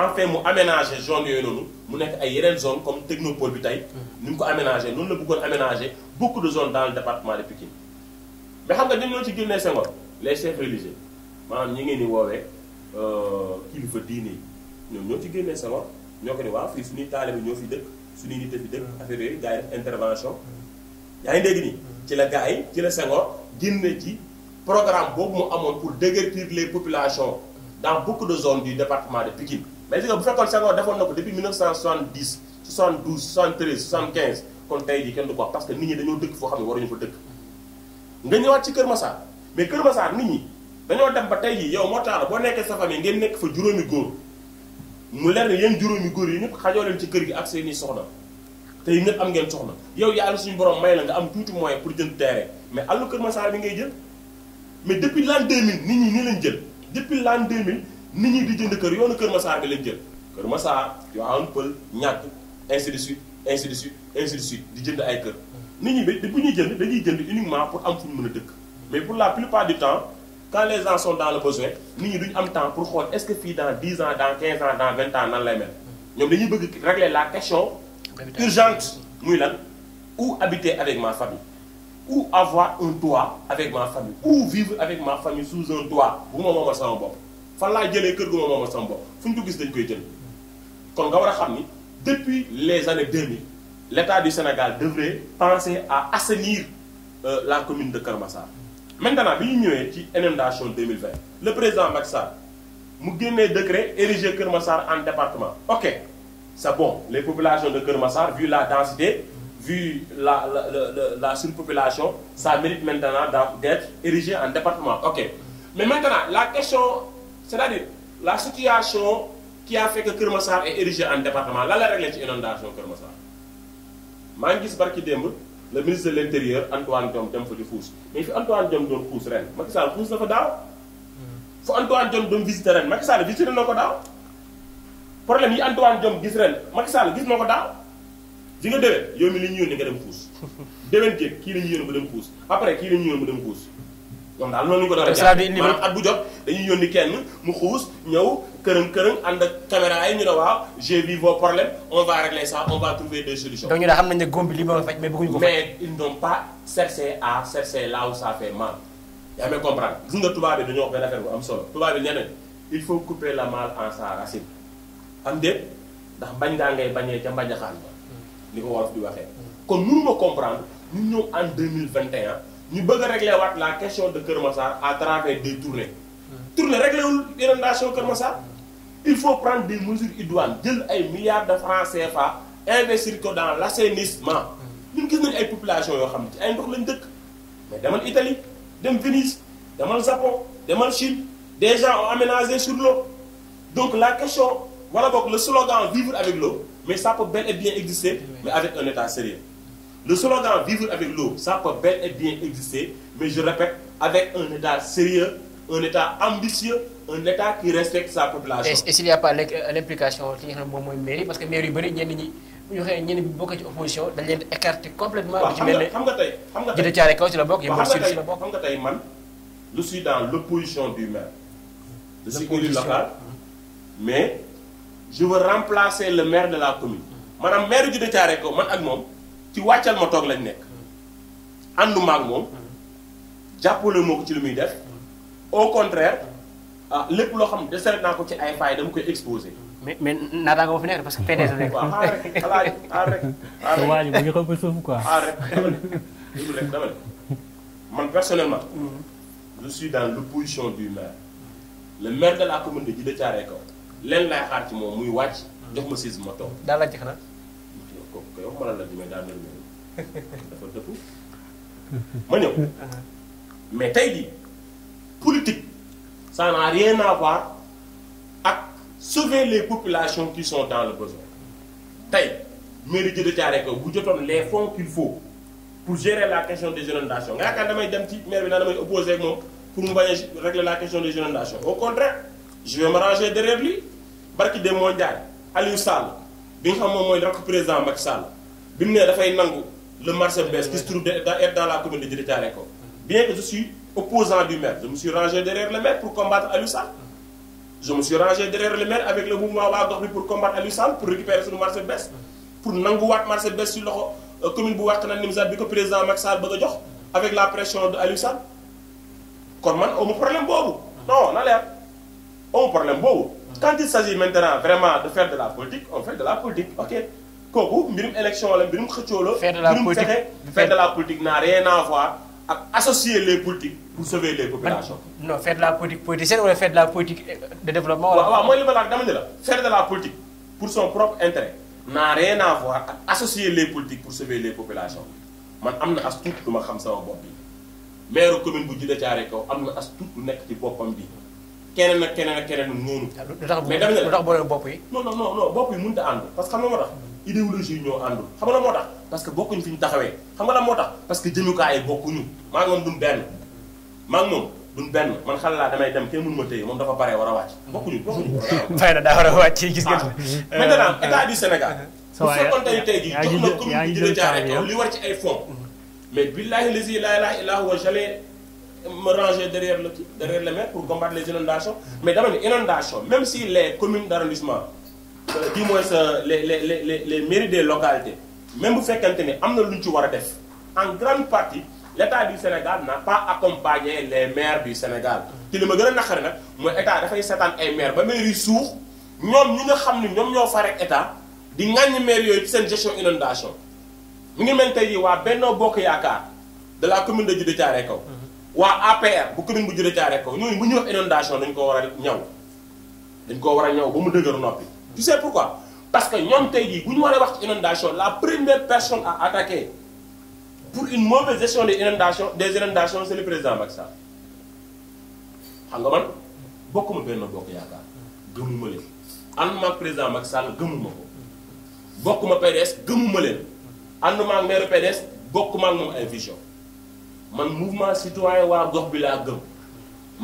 enfin mu aménager zone yooyu noonu mu nekk ay yeneen zone comme technopole bi tey ni mu ko aménager noonu la bëggoon aménager beaucoup de zones dans le département de Pikine mais xam nga dañoo ci génnee Senghor les chefs religieux maanaam ñi ngeen di woowee euh, kilifa diine yi ñoom ñoo ci génnee Senghor ñoo ko ne waaw fii suñuy taalibe ñoo fi dëkk suñuy nit fi dëkk affaire yooyu intervention yaa ngi dégg ci la gars yi ci la Senghor génne ci programme boobu mu amoon pour déguerpir les populations dans beaucoup de zones du département de Pikine mais gis nga bu fekkoon Senghor defoon na ko depuis 1970 72 73 75 kon tey jii kenn du ko parce que nit ñi dañoo dëkk foo xam ne waruñu fa dëkk. nga ñëwaat ci Kër ma Massar mais Kër Massar nit ñi dañoo dem ba tey jii yow moo tax boo nekkee sa famille ngeen nekk fa juróomi góor mu leer ne yéen juróomi góor yi ñëpp xajoo leen ci kër gi ak seen i soxna tey ñëpp am ngeen soxna yow yàlla suñu borom may la nga am tuuti moyen pour jënd terrain mais àllu Kër Massar bi ngay jël mais depuis l'an 2000 nit ñi nii jël depuis l'an 2000 nit ñi di jënd kër yoonu Kër Masaar bi lañ jël Kër Masaar Tivaouane Peulh ñàkk ainsi de suite ainsi de suite ainsi de suite di jënd ay kër nit ñi ba bu ñuy jënd dañuy jënd uniquement pour am fu ñu a dëkk mais pour la plupart du temps quand les gens sont dans le besoin nit ñi duñ am temps pour xool est-ce que fii dans 10 ans dans 15 ans dans 20 ans nan lay mel ñoom dañuy bëgg régler la question urgente muy lan où habiter avec ma famille où avoir un fan laa jëlee kër gu ma moom sama bopp fu ñu ko gis dañ koy jël kon nga war a xam ni depuis les années 2000 l' état du Sénégal devrait penser à assainir euh, la commune de Kër Massar. maintenant bi ñu ñëwee ci inondation 2020 le président Macky Sall mu génnee décret ériger Kër Massar en département. ok c' est bon les populations de Kër Massar vu la densité vu la la la la, la population ça mérite maintenant d'être érigé en département ok mais maintenant la question. c'est-à-dire la situation qui a fait que Kër Massar est érigé en département lan la réglé ci inondation Kër Massar maa ngi gis barki démb le ministre de l' intérieur Antoine Diome dem fa di xuus mais fi Antoine Diome doon xuus ren Macky Sall xuus na fa daaw fu Antoine Diome doon visité ren Macky Sall visité gis ren Macky Sall gis na ko daaw ji nga yow mi li ñu nga dem xuus déwén jéeg kii la ñu yónni dem xuus après kii la ñu yónni dem xuus ñoom daal noonu ñu ko doon jàppee maanaam at bu jot dañuy yónni kenn mu xuus ñëw kërën kërën ànd ak caméra yi ñu ne waaw j'ai vu vos problèmes on va régler ça on va trouver des solutions. donc ñu ne xam nañ ne góob bi li ma faj mais bëgguñu ko. mais ils n'ont pas cherché à chercher là où ça fait mal. yaa ngi comprendre gis nga tubaab yi dañoo wax benn affaire bu am solo tubaab yi il faut couper la malle en sa racine. am déet ndax bañ ngaa ngay bañee ca mbañaxaan ba. ni hmm. ko wolof di waxee. kon mënu ma comprendre ñu ñëw en 2021. ñu bëgg a waat la question de Kër Massar à travers des tournées. tournée réglé wul inondation Kër Massar il faut prendre des mesures idoines jël ay milliards de francs CFA investir ko dans l' assainissement. ñun gis nañu ay population yoo xam ne ci ay ndox lañ dëkk mais demal Italie dem Venise demal Japon demal Chine des gens ont aménagé sur l'eau donc la question wala boog la slogan vivre avec l'eau mais ça peut et bien exister mais avec un état sérieux Le slogan vivre avec l'eau, ça peut bel et bien exister, mais je répète, avec un État sérieux, un État ambitieux, un État qui respecte sa population. Et, et s'il n'y a euh, ci nga xam moom mooy mairie parce que mairie yu bëri ñenn ñi bu ñu waxee ñenn ñi bokk ci opposition dañ leen di écarter complètement. waaw xam nga la bokk. yëngu si si la bokk dans l'opposition du maire. je suis élu local mais je veux remplacer maire de la commune. Mm-hmm. maanaam maire yu jënd caare kaw man ak moom. ci wàccal ma toog lañ nekk ànduma ak moom jàppale moo ko ci lu muy def au contraire ah lépp loo xam deseret naa ko ci ay faay dama koy exposé. mais mais naataango boo fi nekk parce que PDS rek. waaw xaar rek xalaat xaar rek. xaar rek waa ji bu ñu xëpp suuf quoi. xaar rek dama ne dama ne man personnellement. dans l'opposition du maire. le maire de la commune de Djiddah Thiaroye Kao lenn laay xaar ci moom muy wàcc. jox ma siis ma toog. daa laaj ci ko yow la di mais daa mel dafa dëpp ma ñëw mais tey di politique ça n'a rien à ak sauver les populations qui sont dans le besoin tey mairie Djeddah Thiaroye Kaw bu jotoon les fonds qu'il faut pour gérer la question des inondations nga yaakaar damay dem ci maire bi naa damay opposé moom pour mu bañ a régler la question des inondations au contraire je vais me ranger derrière lui barki de moo Ndiaye Aliou Sall bi nga xam moom mooy rakk président Macky Sall bi mu ne dafay nangu le marché bees qui se trouve dans la commune de Djily Thiaroye-Kao bien que je suis opposant du maire je me suis rangé le maire pour combattre Aliou Sall je me suis rangé derrière le maire avec le mouvement waa gox bi pour combattre Aliou Sall pour récupérer suñu marché bees pour nanguwaat marché bees ci loxo euh, commune bu Wakhinane Nimzatt bi ko président Macky Sall bëgg a jox avec la pression de Aliou kon man amu problème boobu na leer amu boobu quand il s'agit maintenant vraiment de faire de la politique on fait de la politique ok kooku mbirum élection la mbirum xëccoo la. faire de la politique mbirum fexe faire de la politique n'a rien à voir ak associer les politiques pour sauver les populations. non faire de la politique politicienne wala faire de la politique euh, de développement. waaw waaw mooy li la wax dama ne la faire de la politique pour son propre intérêt n'a rien à ak associer les politiques pour sauver les populations man am na as tuut ma xam sama bopp bi maire commune bu Djidah Thiaroye am na as tuut lu ci boppam bi. keneen ak keneen ak keneen noonu. mais dama ne lu tax boole bopp yi. non non non bopp yi mënut a ànd parce que xam nga moo tax idéologie yi ñoo àndul xam parce que bokkuñ fi ñu taxawee xam nga la moo tax parce que yi bokkuñu maa ngi moom duñ benn maa ngi moom man xale laa damay dem kenn ma téye moom dafa a wàcc war a wàcc gis ngeen ah. maintenant état du Sénégal bu fekkoon tey tey li war ci ay mais billaahi lasi laa ilaaha illaa huwa me ranger derrière la derrière le maire pour combattre les inondations mais dama ne inondation même si les communes d' arrondissement euh, du moins euh, les les les les mairies des localités même bu fekkante ni am na lu ñu ci war a def en grande partie l' état du Sénégal n'a pas accompagné les maire du Sénégal. te li ma gën a naqari nag mooy état dafay seetaan ay maire ba maires yi suux ñoom ñi nga xam ni ñoom ñoo farek état di ŋàññi maires yooyu ci seen gestion inondation mu ngi mel tey waa Benno Bokk Yaakaar de la commune de Djidah Thiaroye Kaw. waa APR bu commune bu Djiddah Thiaroye Kaw ñooñu bu ñuy wax inondation dañ ko war a ñaw dañ ko war a ñaw ba mu dëgër noppi. tu sais pourquoi parce que ñoom tey jii bu ñu a wax ci inondation la première person à attaquer pour une mauvaise gestion des inondations des inondations c'est le président Macky Sall xam nga man bokkuma benn bokk yaakaar gëmuma leen ànduma ak président Macky Sall gëmuma ko bokkuma PDS gëmuma leen ànduma ak maire PDS bokkuma moom ay man mouvement citoyen waa gox bi laa gëm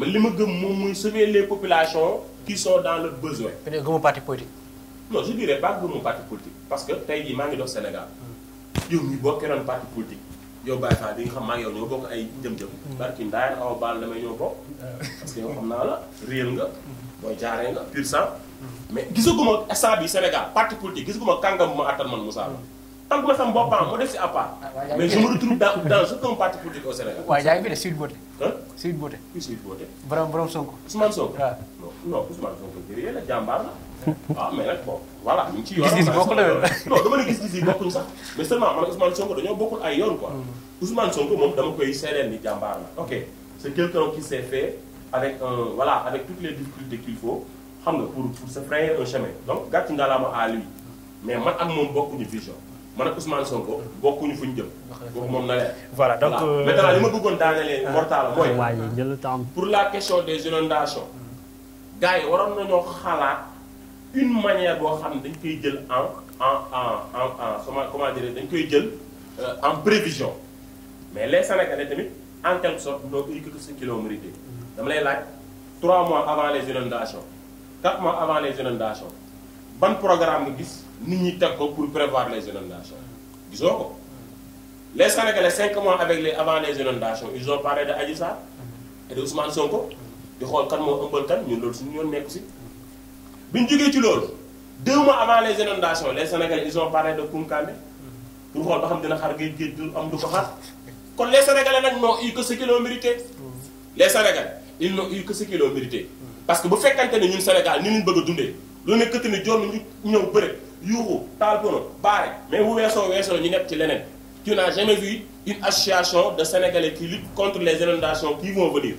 man li ma gëm moom muy sauver les populations kii sont dans le besoin. mais gëmu parti politique. non je dirais pas gëmu parti politique parce que tey jii maa ngi dox Sénégal. yow mii boo keroon parti politique yow Baye nga xam maa ngi yow ñoo bokk ay jëm-jëm. Mm. barki ndaayaan aw baal damay ñoo bokk. parce que yow xam naa la réel nga. mooy mm. jaaree nga pur sang. Mm. mais gisaguma instant bi Sénégal parti politique gisaguma kàngam ma attan man Moussa la tànn ko sam boppam mu def si à part. Ah, mais je me retrouve dans dans aucun parti politique au Sénégal. waaw yaa ngi fi de Sweet Beauté. Sweet Beauté. Sweet Beauté. borom borom Sonko. Ousmane Sonko waaw. non Ousmane Sonko jërëjëf la jàmbaar la. waaw ah, mais nag bon voilà. ñu ngi ciy yoon gis-gis bokkul la non dama ne gis-gis yi bokkuñ sax mais seulement man Ousmane Sonko dañoo bokkul ay yoon quoi. Mm. Ousmane Sonko moom dama koy seedeel ni jàmbaar la. ok c' est quelqu'un qui s'est fait avec un voilà avec toutes les difficultés qu'il faut xam nga pour pour se frayer un chemin donc gàtt ngalaama à lui mais man ak moom bokkuñu vision man ak Ousmane Sonko bokkuñu ñu jëm. bokk moom na leer. voilà donc euh, maintenant li ma bëggoon daanelee mortal mooy. Ah, waaye jël temps pour la question des inondations. gars yi waroon ñoo xalaat une manière boo xam ne dañ koy jël en en en en comment comment dañ koy jël euh, en prévision mais les Sénégalais tamit en quelque sorte donc il que ce qu'ils ont dama lay laaj 3 mois avant les inondations 4 mois avant les inondations ban programme nga gis. nit ñi teg ko pour prévoir les inondations gisoo ko les Sénégalais cinq mois avec les avant les inondations ils ont parlé de Adji Sarr et de Ousmane Sonko di xool kan moo ëmbal kan ñun loolu suñu yoon nekku si bi ñu jógee ci loolu deux mois avant les inondations les Sénégalais ils ont parlé de Koukandé pour xool ba xam dina xar géej géej du am du ko xar kon les Sénégalais nag n'ont eu que ce qu'ils ont mérité les Sénégalais ils n'ont eu que ce qu'ils ont mérité parce que bu fekkante ne ñun Sénégal ni ñu bëgg a dundee lu ne këtt ni joon ñu ñëw bëre yuuxu taal pono baare mais bu weesoo weesoo ñu nekk ci leneen tu n'as jamais vu une association de sénégalais qui lutte contre les inondations qui vont venir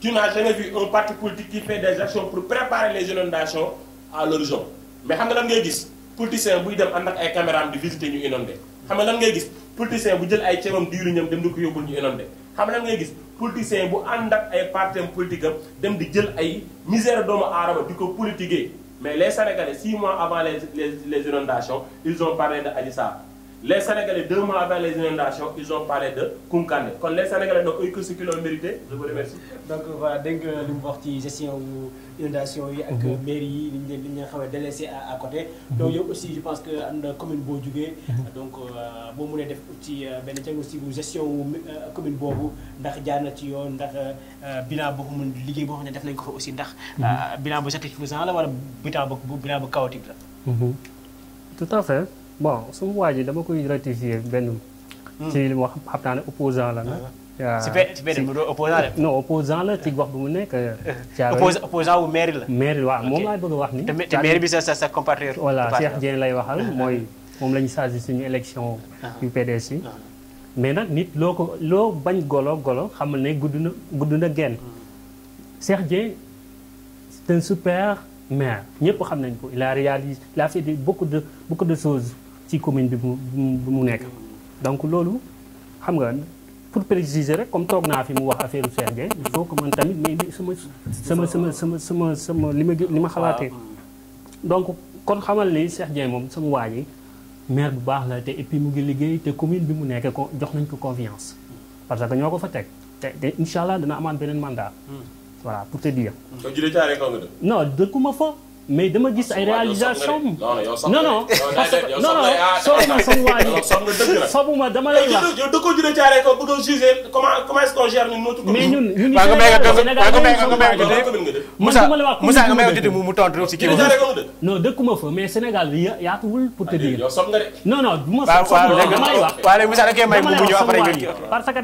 tu n'as jamais vu un parti politique qui fait des actions pour préparer les inondations à l'horizon mais xam nga lan ngay gis politicien buy dem ànd ak ay caméram di visiter ñu inondé xam nga lan ngay gis politicien bu jël ay ceebam diiru ñam dem di ko yóbbul ñu inondé xam nga ngay gis politicien bu ànd ak ay parti politique dem di jël ay misère doomu aadama di ko politiquer Mais les Sénégalais, six mois avant les, les, les inondations, ils ont parlé d'Adissa. les Sénégalais, deux mois avant les inondations, ils ont parlé de Koumkane. Quand les Sénégalais n'ont eu que ce qu'ils ont mérité, je vous remercie. Donc voilà, dès que nous avons gestion inondation avec la mhm. mairie, nous avons délaissé à, côté. Mhm. Donc aussi, je pense que la commune Beaudjugé, mhm. donc euh, euh, euh, commune Bobo, ndax jaana ci yoon ndax bilan boo xam liggéey boo xam ne def nañ ko aussi ndax. bilan bu satisfaisant la wala bilan bu bilan bu chaotique la. tout à bon suñu waa ji dama koy ratifier benn. Hmm. ci wax xam naa ne opposant la na waaw ah. pe si benn opposant la. ci gox bi mu nekk. opposant opposant wu mairie la. mairie waaw moom laay bëgg a wax ni te mairie bi sa sa sa compatriote. voilà Cheikh Dieng lay waxal ah. mooy moom la ñu si suñu élection. Ah. yu yi. mais nag nit loo ko loo bañ golo golo xamal ne gudd na gudd na genn. Hmm. Cheikh Dieng c'est un super maire ñëpp xam nañ ko il a réalisé il a fait beaucoup de beaucoup de choses. ci commune bi mu bi mu nekk donc loolu xam nga pour préciser rek comme toog naa fi mu wax affaire Cheikh Dieng il faut que man tamit bi sama sama sama sama sama sama li ma li ma xalaatee donc kon xamal ni Cheikh Dieng moom sama waa ji maire bu baax la te et mu ngi liggéey te commune bi mu nekk ko jox nañ ko confiance parce que ñoo ko fa teg te te incha allah dana amaat beneen mandat hmm. voilà pour te dire. kon jërëjëf dëkkuma fa. mais dama gis ah, ay réalisation non non parce que non non sori na sama waa a juger comment comment est-ce qu'on may mu tontu ci kii non dëkkuma fa mais Sénégal bi yaatuwul pour te ah, dire non non duma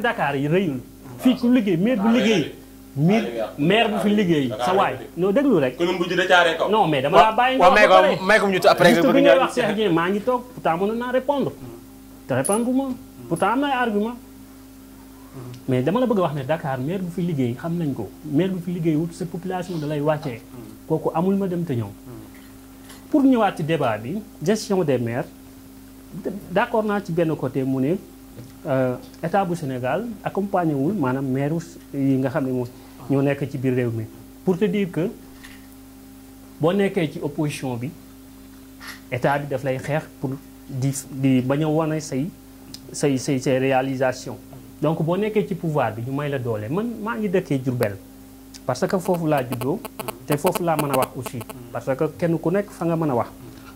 damay yi rëyul fii ku liggéey maire bu ah, liggéey miir maire bu fi liggéey sa waay non déglu rek. commune bu Djidah Thiaroye mais dama la bàyyi. waaw may ko may ko ñu après nga bëgg ñëw wax maa ngi toog pourtant mënoon naa répondre te répondre ma pourtant am na ay mais dama la bëgg a wax ne Dakar maire bu fi liggéey xam nañ ko mais bu fi liggéey wut sa population da lay wàccee. kooku amul ma dem te ñëw. pour ñëwaat ci débat bi gestion des maires d'accord naa ci benn côté mu ne euh, état bu Sénégal accompagné wul maanaam mairu yi nga xam ne moom. ñoo nekk ci biir réew mi pour te dire que boo nekkee ci opposition bi état bi daf lay xeex pour di di bañ a wane say say say say réalisation donc boo nekkee ci pouvoir bi ñu may la doole man maa ngi dëkkee Diourbel parce que foofu laa juddoo te foofu laa mën a wax aussi parce que kenn ku nekk fa nga mën a wax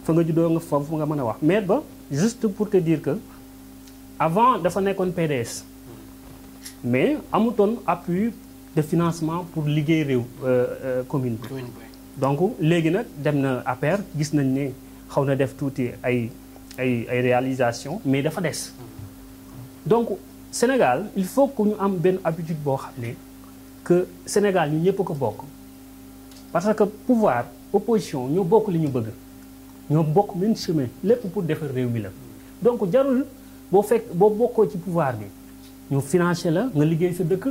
fa nga juddoo nga foofu nga mën a wax mais ba juste pour te diir que avant dafa nekkoon PDS mais amutoon appui de financement pour liggéey réew euh, euh, commune bi donc léegi nag dem na APR gis nañ ne xaw na def tuuti ay ay ay réalisation mais dafa des donc Sénégal il faut que ñu am benn habitude boo xam ne que Sénégal ñu ñëpp ko bokk parce que pouvoir opposition ñoo bokk li ñu bëgg ñoo bokk même chemin lépp pour defar réew mi la donc jarul boo fekk boo bokkoo ci pouvoir bi ñu financé la nga liggéey sa dëkk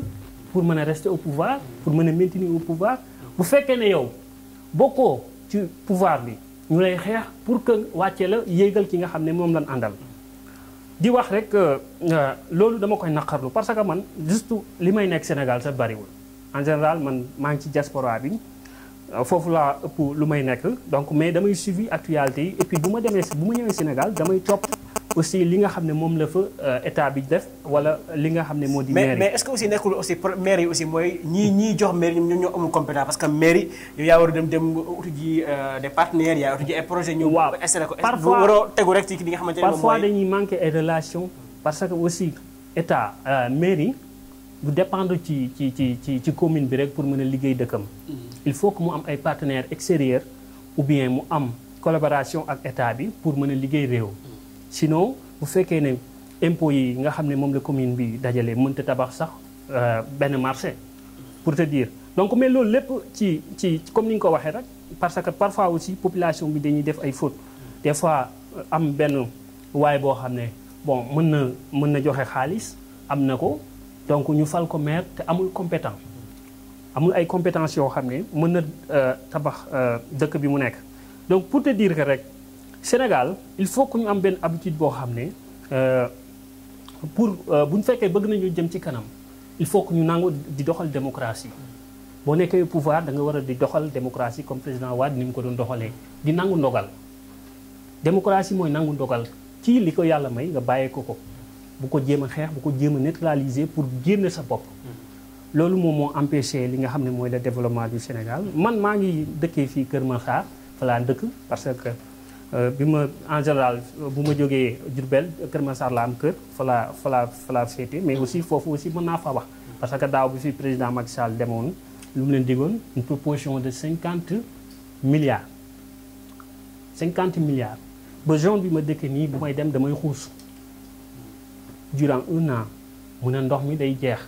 pour mën a rester au pouvoir pour mën a maintenir au pouvoir bu fekkee ne yow bokkoo ci pouvoir bi ñu lay xeex pour que wàccee la yéegal ki nga xam ne moom lan àndal di wax rek euh, euh, loolu dama koy naqarlu parce que man juste li may nekk Sénégal sa bariwul en général man maa ngi ci diaspora bi euh, foofu laa ëpp lu may nekk donc mais damay suivi actualité yi et puis bu ma demee bu ma ñëwee Sénégal damay topp aussi li nga xam ne moom la fa euh, état bi def wala li nga xam ne moo di. mairie mais est ce aussi nekkul aussi maire yi aussi mooy ñii ñii jox maire ñoom ñoo amul compétence parce que maire yi dem dem uti ji euh, des partenaires yaa uti ji ay projets. ñoom waaw installé ko waroo tegu rek ci li nga xamante ne moom mooy. parfois dañuy manqué ay relation parce que aussi état euh, mairie du dépendre ci ci ci ci ci commune bi rek pour mën a liggéey dëkkam. Mm-hmm. il faut que mu am ay partenaire extérieurs ou bien mu am collaboration ak état bi pour mën a liggéey réew. sinon bu fekkee ne impôts yi nga xam ne moom la commune bi dajale mënta tabax sax euh, benn marché pour te diir donc mais loolu lépp ci ci comme ni nga ko waxee rek parce que parfois aussi population bi dañuy def ay fautes des fois euh, am benn waaye boo xam ne bon mën na mën na joxe xaalis am na ko donc ñu fal ko maire te amul compétent amul ay compétence yoo xam ne mën na euh, tabax dëkk bi mu nekk donc pour te dire que rek Sénégal il faut que ñu am benn habitude boo xam ne euh, pour euh, bu ñu fekkee bëgg nañu jëm ci kanam il faut que ñu nangu di doxal démocratie boo nekkee pouvoir da nga war a di doxal démocratie comme président Wade ni mu ko doon doxalee di nangu ndogal démocratie mooy nangu ndogal ci li ko yàlla may nga bàyyee ko ko bu ko jéem a xeex bu ko jéem a neutraliser pour génne sa bopp loolu moom moo empêché li nga xam ne mooy le développement du Sénégal man maa ngi dëkkee fii Kër Massar laa dëkk parce que Euh, bi ma en général euh, bu ma jógee Diourbel Kër Massar laa am kër fa laa fa laa fa laa féete mais aussi foofu aussi mën naa fa wax. parce que daaw bi fi président Macky Sall demoon lu mu leen digoon une proposition de cinquante milliards. cinquante milliards ba zone bi ma dëkk nii bu may dem damay xuus durant un an mu ne ndox mi day jeex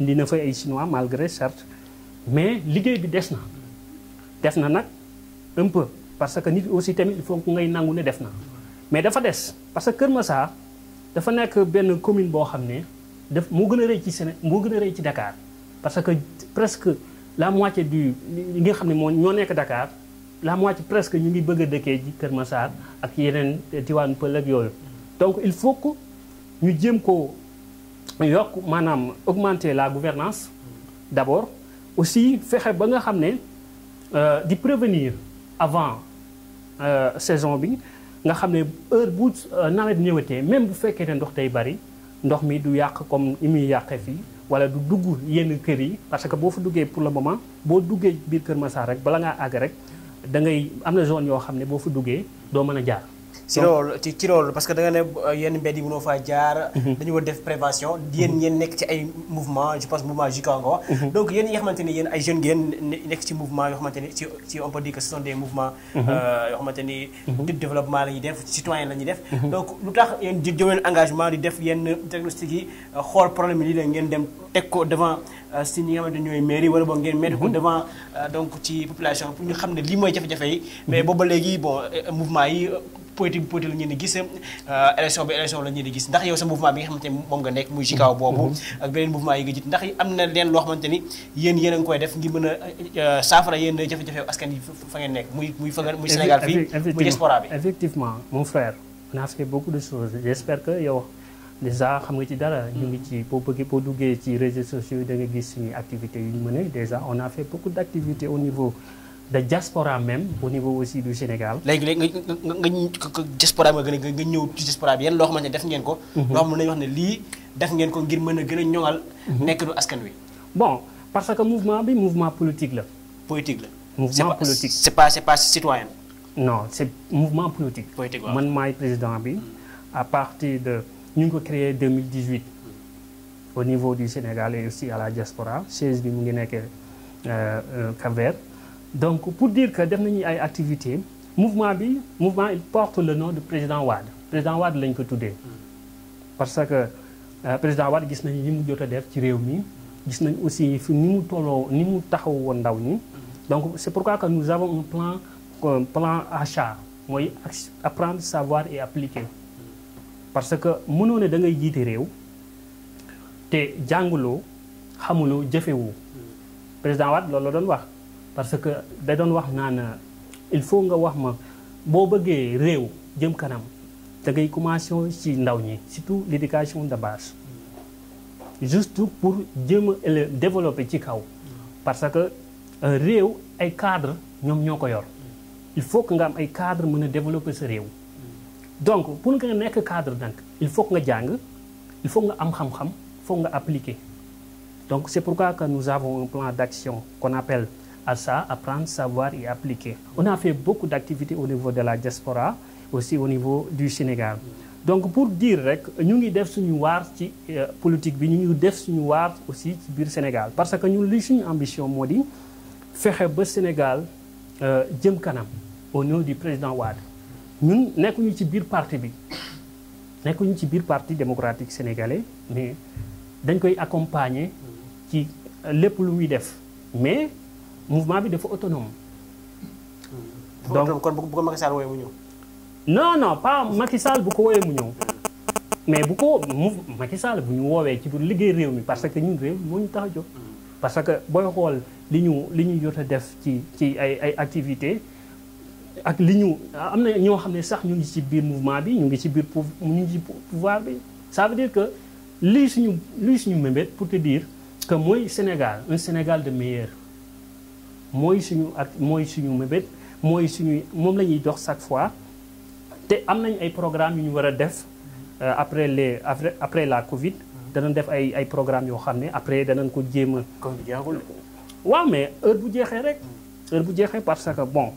indi na fa ay chinois malgré certes mais liggéey bi des na. des na nag parce que nit aussi tamit il faut ngay nangu ne def na mais dafa des parce que Kër Massar dafa nekk benn commune boo xam ne daf moo gën a rëy ci Séné moo gën a rëy ci dakaar parce que presque la moitié du li nga xam ne moo ñoo nekk Dakar la moitié presque ñu ngi bëgg a dëkkee ci Kër Massar ak yeneen diwaan pël ak yooyu donc il faut que ñu jéem ko yokk maanaam augmenter la gouvernance d'abord aussi fexe ba nga xam ne euh, di prévenir avant Euh, saison bi nga xam ne heure bu euh, nawet ñëwatee même bu fekkee ne ndox tey bari ndox mi du yàq comme ni muy yàqee fii wala du dugg yenn kër yi parce que boo fa duggee pour le moment boo duggee biir Kër Massar rek bala ngaa àgg rek da ngay am na zone yoo xam ne boo fa duggee doo mën a jaar. ci loolu ci ci loolu parce que da nga ne euh, yenn mbedd yi mënoo faa jaar. Mhm. dañu war def prévention yéen yéen nekk ci ay mouvement je pense mouvement Jikango. Mhm. nga xamante ni yéen ay jeunes ngeen nekk ci mouvement yoo xamante de mhm. euh, développement la ñuy def citoyen la def. donc lu tax yéen di engagement di def yenn diagnostic yi euh, xool problème yi la ngeen dem teg ko devant si ñi nga xamante ñooy mairie wala boog ngeen mettre ko devant donc ci population ñu xam ne lii mooy jafe-jafe yi. mais booba léegi politique politique la ñu di gis euh, élection bi élection la ñu gis ndax yow sa mouvement bi nga xamante ni moom nga nekk muy Jikaaw boobu mm-hmm. ak beneen mouvement yi nga jiit ndax am na leen loo xamante ni yéen yéen a ngi koy def ngir mën a euh, saafara yéen jafe-jafe askan yi fa ngeen nekk muy muy muy Sénégal fii muy diaspora bi effectivement mon frère on a fait beaucoup de choses j'espère que yow déjà xam nga ci dara ñu ngi ci boo bëggee boo duggee ci réseaux sociaux da nga gis suñuy activités yu ñu mëne déjà on a de diaspora même au niveau aussi du Sénégal. léegi léegi nga nga nga diaspora nga gën a nga ñëw ci diaspora bi yan loo xamante ne def ngeen ko. Mhm. loo xam ne wax ne lii def ngeen ko ngir mën a gën a ñoŋal. Mhm. nekk du askan wi. bon parce que mouvement bi mouvement politique la. politique la. mouvement politique c'est pas c'est pas citoyen. non c'est mouvement politique. politique waaw man maay président bi. Mhm. à partir de ñu ngi ko créé 2018. au niveau du Sénégal et aussi à la diaspora siège bi mu ngi nekk euh, euh, Cap-Vert. donc pour dire que def nañu ay activités mouvement bi mouvement il porte le nom du président Wade président Wade lañ ko tuddee. parce que euh, président Wade gis nañu ni mu jot a def ci réew mi. gis nañu aussi fi ni mu tolloo ni mu taxaw woon ndaw ñi. donc c'est pourquoi que nous avons un plan un plan achat mooy apprendre savoir et appliquer. parce que mënoo ne da ngay jiite réew te jànguloo xamuloo jëfewoo président Wade loolu la doon wax. parce que da doon wax naan euh, il faut nga wax ma boo bëggee réew jëm kanam da ngay commencé ci ndaw ñi surtout l' éducation de base juste pour jëm a développer ci kaw parce que euh, réew ay cadre ñoom ñoo ko yor il faut que nga am ay cadre mun a développer sa réew donc pour nga nekk cadre nag il faut que nga jàng il faut nga am xam-xam il nga appliquer donc c' est pourquoi que nous avons un plan d' action qu'on à ça, apprendre, savoir et appliquer. On a fait beaucoup d'activités au niveau de la diaspora, aussi au niveau du Sénégal. donc pour dire rek ñu ngi def suñu waar ci euh, politique bi ñu ngi def suñu waar aussi ci biir Sénégal parce que ñun li suñu ambition moo di fexe ba Sénégal euh, jëm kanam au nom du président Wade ñun nekkuñu ci biir parti bi nekkuñu ci biir parti démocratique sénégalais mais dañ koy accompagner ci euh, lépp lu muy def mais mouvement bi dafa autonome. donc kon bu ko Macky Sall wooyee mu ñëw. non non pas Macky bu ko wooyee mu ñëw mais bu ko mu Macky bu ñu woowee ci pour liggéey réew mi parce que ñun réew moo ñu tax a jóg. parce que booy xool li ñu li ñu jot a ci ci ay ay activités ak li ñu am na ñoo xam ne sax ñu ngi ci biir mouvement bi ñu ngi ci biir pou ñu ngi ci pouvoir bi. ça que lii suñu suñu mbébét pour te dire mooy Sénégal un Sénégal de meilleur. mooy suñu ak mooy suñu mébét mooy suñuy moom la ñuy dox chaque fois te am nañ ay programmes yu ñu war a def euh, après les après la Covid. dana def ay ay programmes yoo xam ne après danañ ko jéem a. Covid jeexagul waaw mais heure bu jeexee rek. heure bu jeexee parce que bon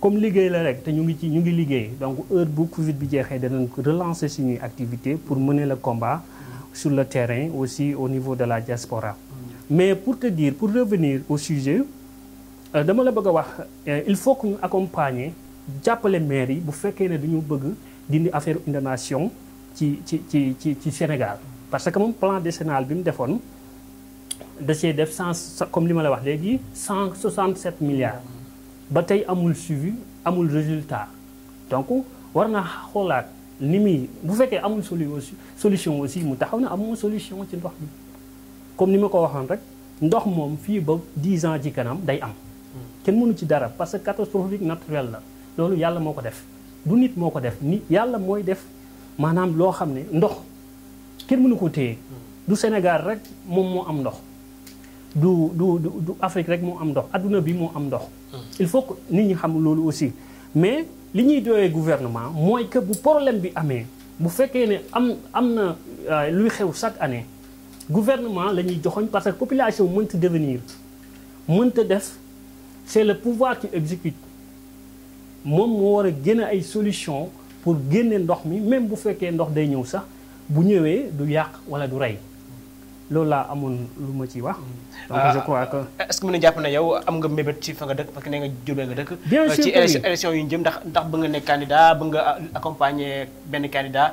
comme liggéey la rek te ñu ngi ci ñu ngi liggéey donc heure bu Covid bi jeexee danañ relancer suñuy activité pour mener le combat sur le terrain aussi au niveau de la diaspora. Mm. mais pour te dire pour revenir au sujet. Euh, dama la bëgg a wax euh, il faut que ñu accompagner jàppale maire yi bu fekkee ne dañu bëgg dindi affaire inondation ci ci ci ci ci Sénégal parce que moom plan décennal bi mu defoon da cee def cent comme li ma la wax léegi cent soixante sept milliards ba tey amul suivi amul résultat donc war na xoolaat ni muy bu fekkee amul solu solution aussi mu taxaw na amul solution ci ndox bi comme ni ma ko waxoon rek ndox moom fii ba dix ans jikkanam day am kenn mënu ci dara parce que catastrophique naturel la loolu yàlla moo ko def du nit moo ko def ni yàlla mooy def maanaam loo xam ne ndox kenn mënu ko téye du Sénégal rek moom moo am ndox du du du Afrique rek moo am ndox adduna bi moo am ndox il faut que nit ñi xam loolu aussi mais li ñuy doyee gouvernement mooy que bu problème bi amee bu fekkee ne am am na euh, luy xew chaque années gouvernement la ñuy joxoñ parce que population mënta devenir mënta def c'est le pouvoir qui exécute moom moo war a génne ay solution pour génne ndox mi même bu fekkee ndox day ñëw sax bu ñëwee du yàq wala du rey loolu laa amoon lu ma ciy wax. donc ah, je crois que. est ce que mën na yow am nga mébét ci fa nga dëkk parce que nee nga jubee nga dëkk. bien euh, sûr jëm ndax ndax bëgg nga nekk candidat bëgg nga accompagner benn candidat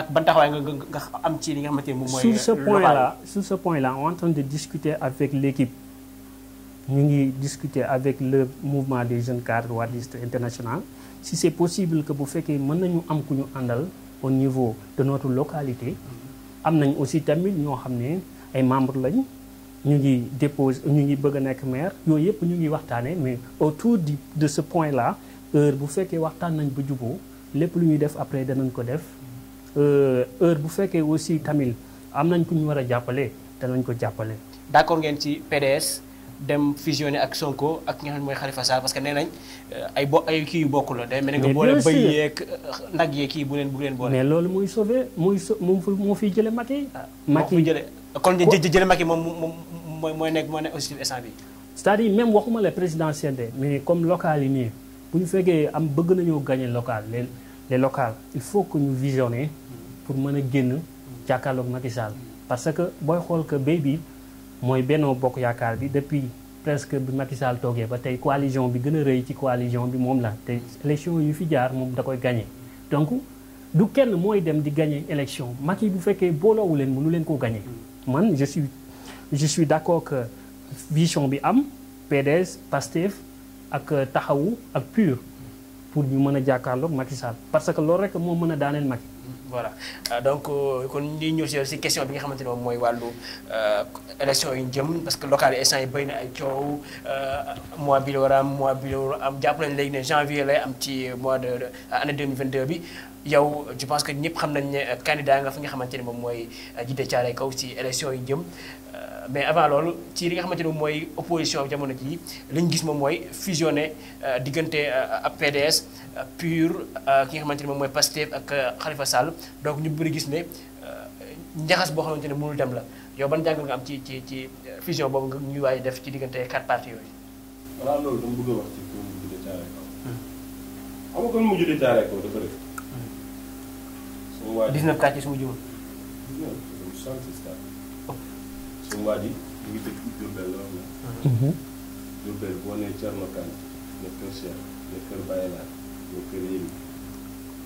ak ban taxawaay nga nga am ci li nga xamante ne moom mooy. sur ce point là sur ce point là on est de discuter avec l' équipe. ñu ngi discuter avec le mouvement des jeunes cadres wadistes international si c'est possible que bu fekkee mën nañu am ku ñu àndal au niveau de notre localité am nañ aussi tamit ñoo xam ne ay membres lañ ñu ngi dépose ñu ngi bëgg a nekk maire yooyu yëpp ñu ngi waxtaanee mais autour du de ce point la heure bu fekkee waxtaan nañ bu juboo lépp lu ñuy def après danañ ko def euh, heure bu fekkee aussi tamit am nañ ku ñu war a jàppale danañ ko jàppale. d'accord ngeen dem fusionné ak Sonko ak ñi nga xam ne mooy Khalifa parce que nee nañ euh, ay bo ay kii yu la day mel ne nga boole bëy yeeg euh, nag yeeg kii bu leen bu leen boole. mais loolu muy sauvé muy so moo fiy jëlee Macky. Ah, Macky moo jëlee kon jë jëlee Macky moom moom mooy mooy nekk mooy nekk aussi instant bi c'est-à-dire même waxuma la présidentielle de mais comme local yi nii bu ñu fekkee am bëgg nañoo gagné local les local il faut que ñu visionné pour mën a génn jàkkaarloog Macky Sall mm. parce que booy xool que béy bi. mooy Benno Bokk Yaakaar bi depuis presque bi Macky Sall toogee ba tey coalition bi gën a rëy ci coalition bi moom la te élection yu fi jaar moom da koy gagné donc du kenn mooy dem di gagné élection Macky bu fekkee booloowu leen mu nu leen koo gagné. man je suis je suis d'accord que vision bi am PDS PASTEF ak taxawu ak PUR pour ñu mën a jàkkaarloog Macky parce que loolu rek moo mën a daaneel Macky. voilà euh, donc euh, kon ñuy ñëw si si question bi nga xamante ne moom mooy wàllu euh, élection yi jëm parce que local yi bëy yi na ay coow mois bi la mois bi la war am jàpp nañ léegi ne janvier lay am ci mois de vingt 2022 bi yow je pense que ñëpp xam nañ ne candidat nga fi nga xamante ne moom mooy jiite Thiaroye Kaw si élection yi jëm mais avant loolu ci li nga xamante ne mooy opposition jamono jii li ñu gis moom mooy fusionné euh, diggante euh, PDS euh, PUR ki nga xamante ne moom mooy Pastef ak xalifa Sall donc ñu bëri gis ne njaxas boo xamante ne mënul dem la yow ban jàngal nga am ci ci ci fusion boobu nga ñuy waaye def ci diggante quatre partis yooyu. loolu dama bëgg hmm. hmm. su ma waay sa waa ji mu ngi dëkk Diourbel la woon mhm. na boo nee Thierno ne kër ne kër Baye ne kër Yémi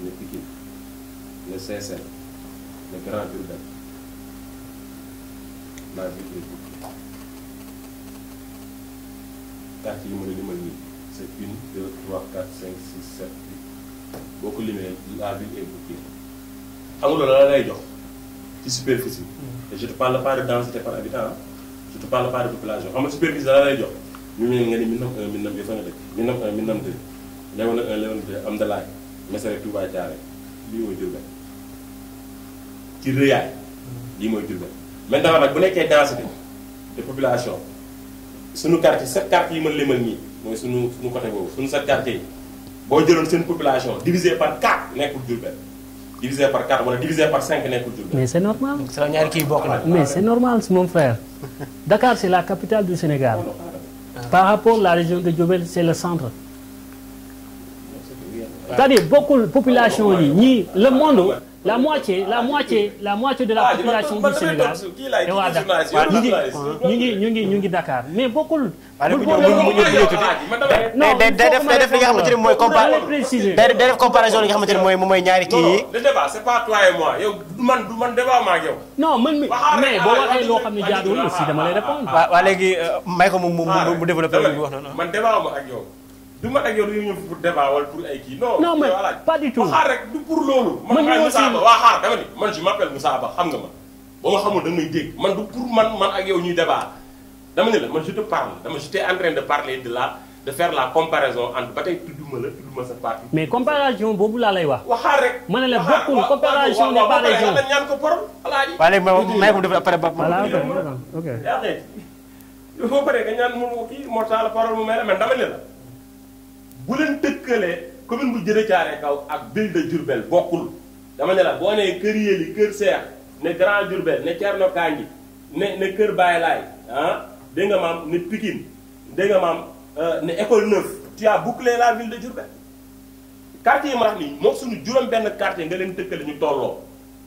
ne Pikine ne Sessène ne Grand Diourbel maa ngi dëkk kàcc yi ma la limal nii c'est une boo ko limee la ville est bouclée la lay jox ci superficie mhm. te je te parle pas de par habitant je par parle pas de population xam nga superficie dara lay jox ñu ne nga ni Minam 1 Minam bi fa nga dëkk Touba Thiaré lii mooy Diourbel ci rëyaay lii mooy Diourbel maintenant nag bu nekkee densité de population sunu quartier sept quartier yi ma limal nii mooy sunu suñu côté boobu suñu sept quartier yi boo jëloon seen population divisé par 4 nekkul Diourbel divisé par 4 wala divisé par 5 nekkul Diourbel. mais c' est normal. sa ñaari kii bokk na. Ah, mais ah. c' est normal mon frère. Dakar c' est la capitale du Sénégal. Ah, par rapport la région de Diourbel c' est le centre. c'est-à-dire bokkul population yi ñii le monde la moitié la moitié la moitié de la ah, population du Sénégal et waa Dakar ñu ngi ñu ngi ñu ngi ñu ngi Dakar mais bokkul. Ah, bu boobaa ah, non day def def li nga xamante ne mooy compa day def comparaison li nga xamante ne mooy mooy ñaari kii yi. le ma ak yow. non man mi mais boo waxee loo xam ne jaaduwul aussi dama lay répondre. man débat du ma ak yow dañuy ñëw pour débat wala pour ay kii non. non mais pas man ñoo Moussa Ba waa xaar man je m'appelle Moussa Ba xam nga ma. ba ma xamul da ngay dégg man du pour man man ak yow ñuy débat dama ne la man je te parle dama j'étais en train de parler de la de faire la comparaison entre ba tey tudduma la tudduma sa parti. mais comparaison boobu laa lay wax. wa xaar rek ma ne la bokkul comparaison ne pas région waaw ñaan ko ma may ko def la. bu leen dëkkalee commune bu Jërë Caare Kaw ak ville de Diourbel bokkul dama ne la boo nee kër Yéli kër Seex ne Grand Diourbel ne Thierno Kanji ne ne kër Baye Laay ah dégg nga maam ne Pikine dégg nga maam euh, ne école neuf tu as bouclé la ville de Diourbel quartier yi ma wax moo suñu juróom-benn quartier nga leen dëkkale ñu tolloo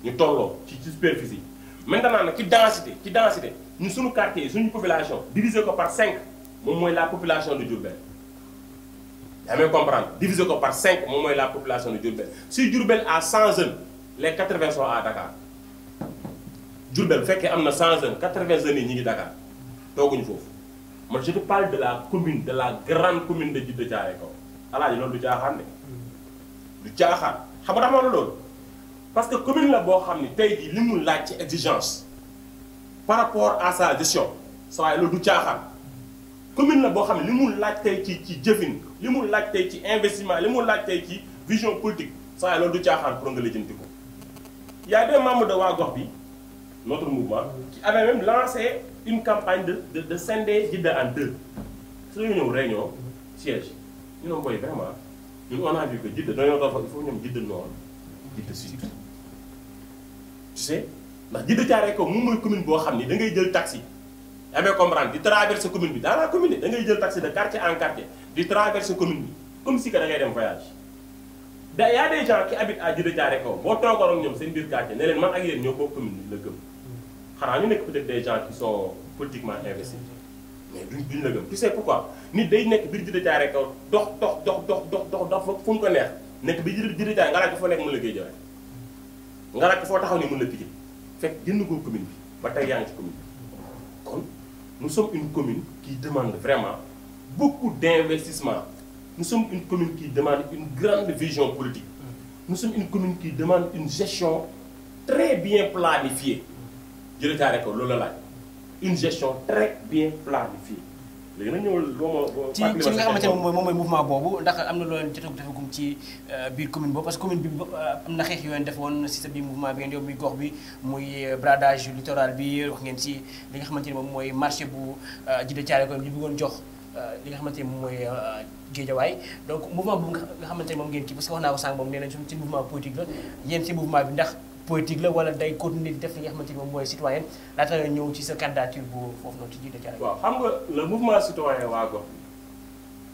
ñu tolloo ci ci superficie maintenant nag ci densité ci densité ñu suñu quartier yi suñu population divisé ko par 5 moom mooy la population de Diourbel yaa may comprendre diviser ko par cinq moom mooy la population de Diourbel si Diourbel à 100 jeunes les 80 sont a Dakar Diourbel bu fekkee am na 100 jeunes 80 jeunes yi ñu ngi Dakar tooguñu foofu man je te parle de la commune de la grande commune de Djidah Thiaroye Kao alaaji loolu du caaxaan de du caaxaan xam nga tax loolu parce que commune la boo xam ne tey jii li mu laaj ci exigence par rapport à sa gestion saa waaye loolu du caaxaan. commune la boo xam ne li mu laaj tey ci ci jëfin li mu laaj tey ci investissement li mu laaj tey ci vision politique saa loolu du caaxaan pour nga lijjanti ko. y a des de waa gox bi notre mouvement ci avait même lancé une campagne de de de scinder Djiddah en deux suñu ñëw réunion siège ñu ne mooy vraiment ñun on a vu que Djiddah dañoo doon fa il faut ñoom Djiddah nord Djiddah sud. ndax Djiddah Thiaroye ko moom mooy commune boo xam ni da ngay jël taxi. yaa ngi comprendre di traverser commune bi dans la commune da ngay jël taxi de quartier en quartier di traverser commune bi comme si que da dem voyage. da y a des gens qui habitent à Djidah Thiaroye boo toogoon ñoom seen biir quartier ne leen man ak yéen ñoo bokk commune la gëm xanaa ñu nekk peut-être des gens qui sont politiquement investis mais duñ duñ la gëm tu sais pourquoi nit day nekk biir Djidah Thiaroye Kao dox dox dox dox dox dox dox fu mu ko neex nekk bi Djidah Thiaroye nga laaj ko foo foo taxaw ni mën la piqué fekk ko commune bi ba nous une commune qui demande vraiment beaucoup d'investissement. Nous sommes une commune qui demande une grande vision politique. Nous une commune qui demande une gestion très bien planifiée. Je le dis à Une gestion très bien planifiée. léegi nag ñëwal boo nga xamante ne moom mooy mouvement boobu ndax am na loo leen jot a defagum ci euh, biir commune boobu parce que commune bi euh, am na xeex yoo leen def sa biir mouvement bi ngeen yow bi muy euh, bradage littoral bi wax ngeen si li nga xamante ne moom mooy marché bu jidda caare ko li bëggoon jox li nga xamante ne moom mooy géejawaay donc mouvement bu nga xamante ne moom ngeen kii parce que wax naa ko sànq moom nee nañ suñu ci mouvement politique la yéen si mouvement bi ndax politique la wala day continuer di def li nga moom mooy citoyen laata nga ñëw ci sa candidature bu foofu noonu ci jiite Thiaré. waaw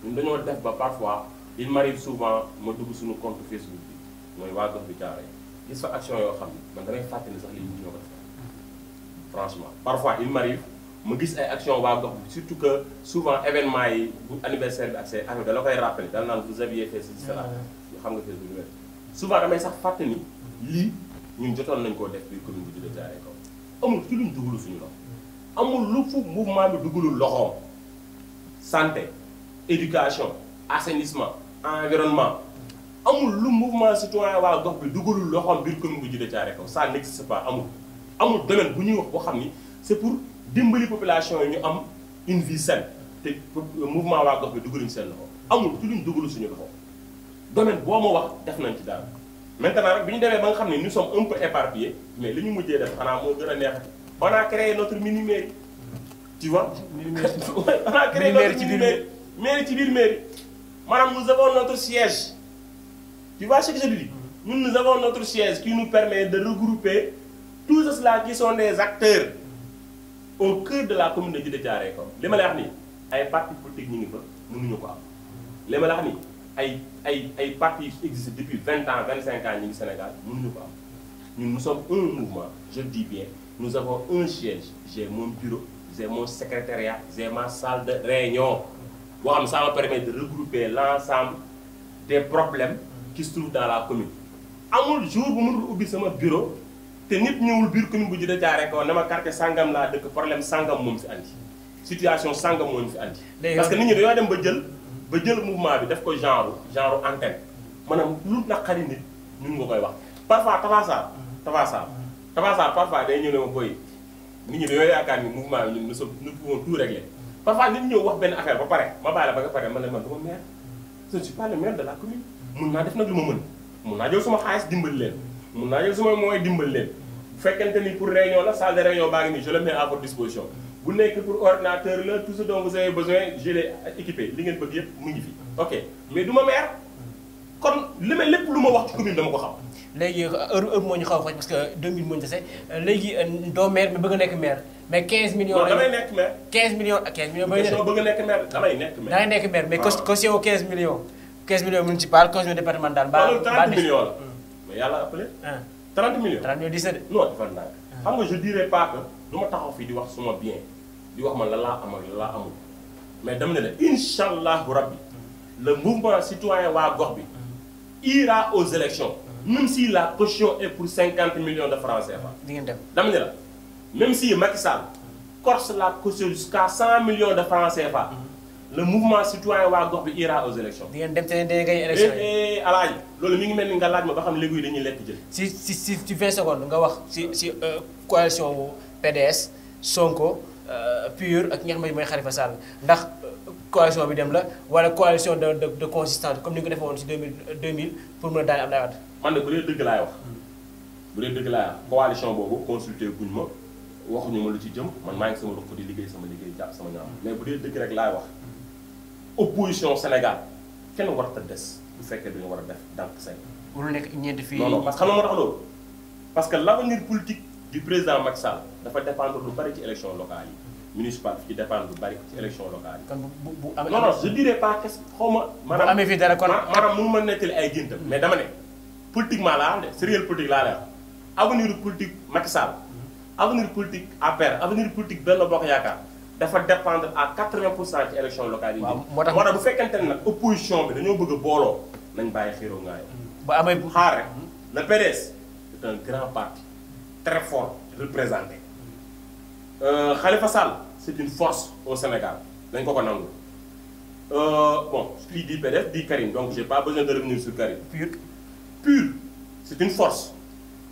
dañoo def ba parfois il m'arrive souvent ma dugg suñu compte Facebook bi mooy waa gox bi Thiaré gis fa action yoo xam ne man damay fàttali sax li ñu ñoo ko def franchement parfois il m'arrive ma gis ay action waa gox bi surtout que souvent événement yi bu anniversaire bi ak seen affaire da la koy rappelé dal naan vous aviez xam nga ñun jotoon nañ koo def biir commune bu Djidah Thiaroye Kaw amul ci luñ dugalu suñu loxo amul lu fu mouvement bi dugalul loxoom santé éducation assainissement amul lu mouvement citoyen waa gox bi dugalul loxoom biir commune bu Djidah Thiaroye Kaw ça n'existe pas amul amul domaine bu ñuy wax boo xam ni c'est pour dimbali population yi ñu am une vie saine te mouvement waa gox bi dugaluñ seen loxo amul ci luñ dugalu suñu loxo domaine boo ma wax def nañ ci daal maintenant bi ñu demee ba nga xam ne nous sommes un peu éparpillés mais li ñu mujjee def xanaa moo gën a neexati on a créé notre mini mairie tu vois. mini mairie on a créé notre mini mairie mairie ci biir mairie maanaam nous avons notre siège tu vois ce que je dis. ñun nous avons notre siège qui nous permet de regrouper tous ceux-là qui sont des acteurs au cœur de la commune de Djidah Thiaroye Kaw li ma la wax nii ay partis politiques ñu ngi fa mënuñu ko am li ma la wax nii. ay ay ay partis existent depuis vingt ans vingt cinq ans ñu ngi Sénégal mënuñu ko am ñun nous sommes un mouvement je dis bien nous avons un siège j'ai mon bureau j'ai mon secrétariat j'ai ma salle de réunion boo xam ça me permet de regrouper l'ensemble des problèmes qui se trouvent la commune amul jour bu mënul ubbi sama bureau te nit ñëwul biir commune bu Djiddah Thiaroye Kao ne ma quartier sangam laa dëkk problème sangam moom si andi situation sangam moom fi andi parce que nit ba jël ba jël mouvement bi daf ko genre genre antenne maanaam lu naqari nit ñun nga koy wax parfois Tapha Sarr Tapha Sarr Tapha Sarr parfois day ñëw ne ma boy nit ñi yaakaar ni mouvement bi ñun nous sommes nous pouvons tout régler nit ñëw wax benn affaire ba pare ma bàyyi la ba nga pare man la man dama maire je ne suis pas le mun naa def nag lu ma mën mun naa jël suma xaalis dimbali leen mun naa jël suma mooy dimbali leen fekkente ni pour réunion la salle de réunion baa ngi nii je le mets à disposition bu nekk pour ordinateur la tout ce dont vous avez besoin je l'ai li ngeen bëgg yëpp mu ngi fi ok mais du ma maire kon li ma lépp lu ma wax ci commune dama ko xam. léegi heure heure xaw que 2000 moo ñu euh, nekk maire. mais 15 millions non damay nekk maire. 15 millions ak ah, 15 nekk nekk maire. damay nekk maire mais ah. caution wu 15 millions. 15 millions municipal caution départemental. Hmm. Ah. xam nga je dirais pas que ma taxaw fii di wax suma bien. di wax man la laa amal la laa amul mais dama ne la incha allahu rabbi le mouvement citoyen waa gox bi ira aux élections même si la caution est pour cinquante millions de francs CFA. di ngeen dem dama ne la même si Macky Sall corse la caution jusqu'à cent millions de francs CFA. le mouvement citoyen waa gox bi ira aux élections di ngeen dem te ne dangay gañ élection eh, eh, loolu mi ngi mel ni nga laaj ma ba xam léegi dañuy lekk jël si si si vingt secondes nga wax si si euh, coalition wu Sonko Euh, PUR ak ñi nga xam ne mooy Khalifa ndax coalition bi dem la wala coalition de de de comme ni nga ko defee woon si deux mille deux mille pour mën a daal Abdoulaye Wade. man de bu dee dëgg laay wax bu dee dëgg laay wax coalition boobu consulté guñ ma waxuñu ma lu ci jëm man maa ngi sama ruq di liggéey sama liggéey jàpp sama ñaam mais bu dee dëgg rek laay wax opposition Sénégal kenn warta des bu fekkee duñu war a def dànk say. warul nekk ñeenti fii non du président Macky Sall dafa dépendre lu bari ci élection locale yi municipal ci dépendre lu bari ci élection locale yi. kon bu amee non non je dirais pas que xaw ma. maanaam amee ma nettali ay géntam. mais am de sérieux politique laa lay wax avenir politique Macky Sall. Hmm. avenir politique APR avenir politique Benno Bokk Yaakaar dafa dépendre à 80 cent ci élection moo tax moo bu fekkente ne nag opposition bi dañoo bëgg booloo nañ bàyyi xéeroo ngaay. bu amee bu xaar rek hmm. le PDS c'est un grand parti. très fort représenté euh, Khalifa Sall c'est une force au Sénégal dañ ko ko nangu euh, bon qui di PDS di Karim donc j'ai pas besoin de revenir sur Karim pur pur c'est une force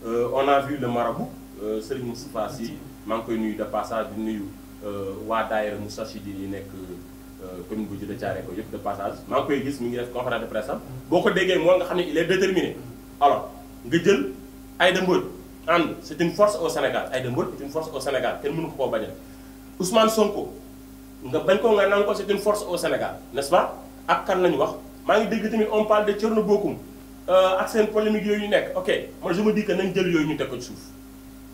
euh, on a vu le marabout euh, Serigne Moustapha Sy maa ngi koy nuyu de passage di nuyu waa daayira Moustachidi yi nekk commune bu Djidah Thiaroye ko yëpp de passage maa ngi koy gis mu ngi def conférence de presse boo ko déggee moo nga xam ne il est déterminé alors nga jël Aïda Mbodj ànd c' est une force au Sénégal ay Mbodj c' est une force au Sénégal kenn mënu ko koo bañal Ousmane Sonko nga bañ ko nga nangu ko c' force au Sénégal n' est ce pas ak kan la ñu wax maa ngi dégg tamit on parle de Thierno Bocoum euh, ak seen polémique yooyu ñu nekk ok man je me dis nañ jël yooyu ñu teg ko suuf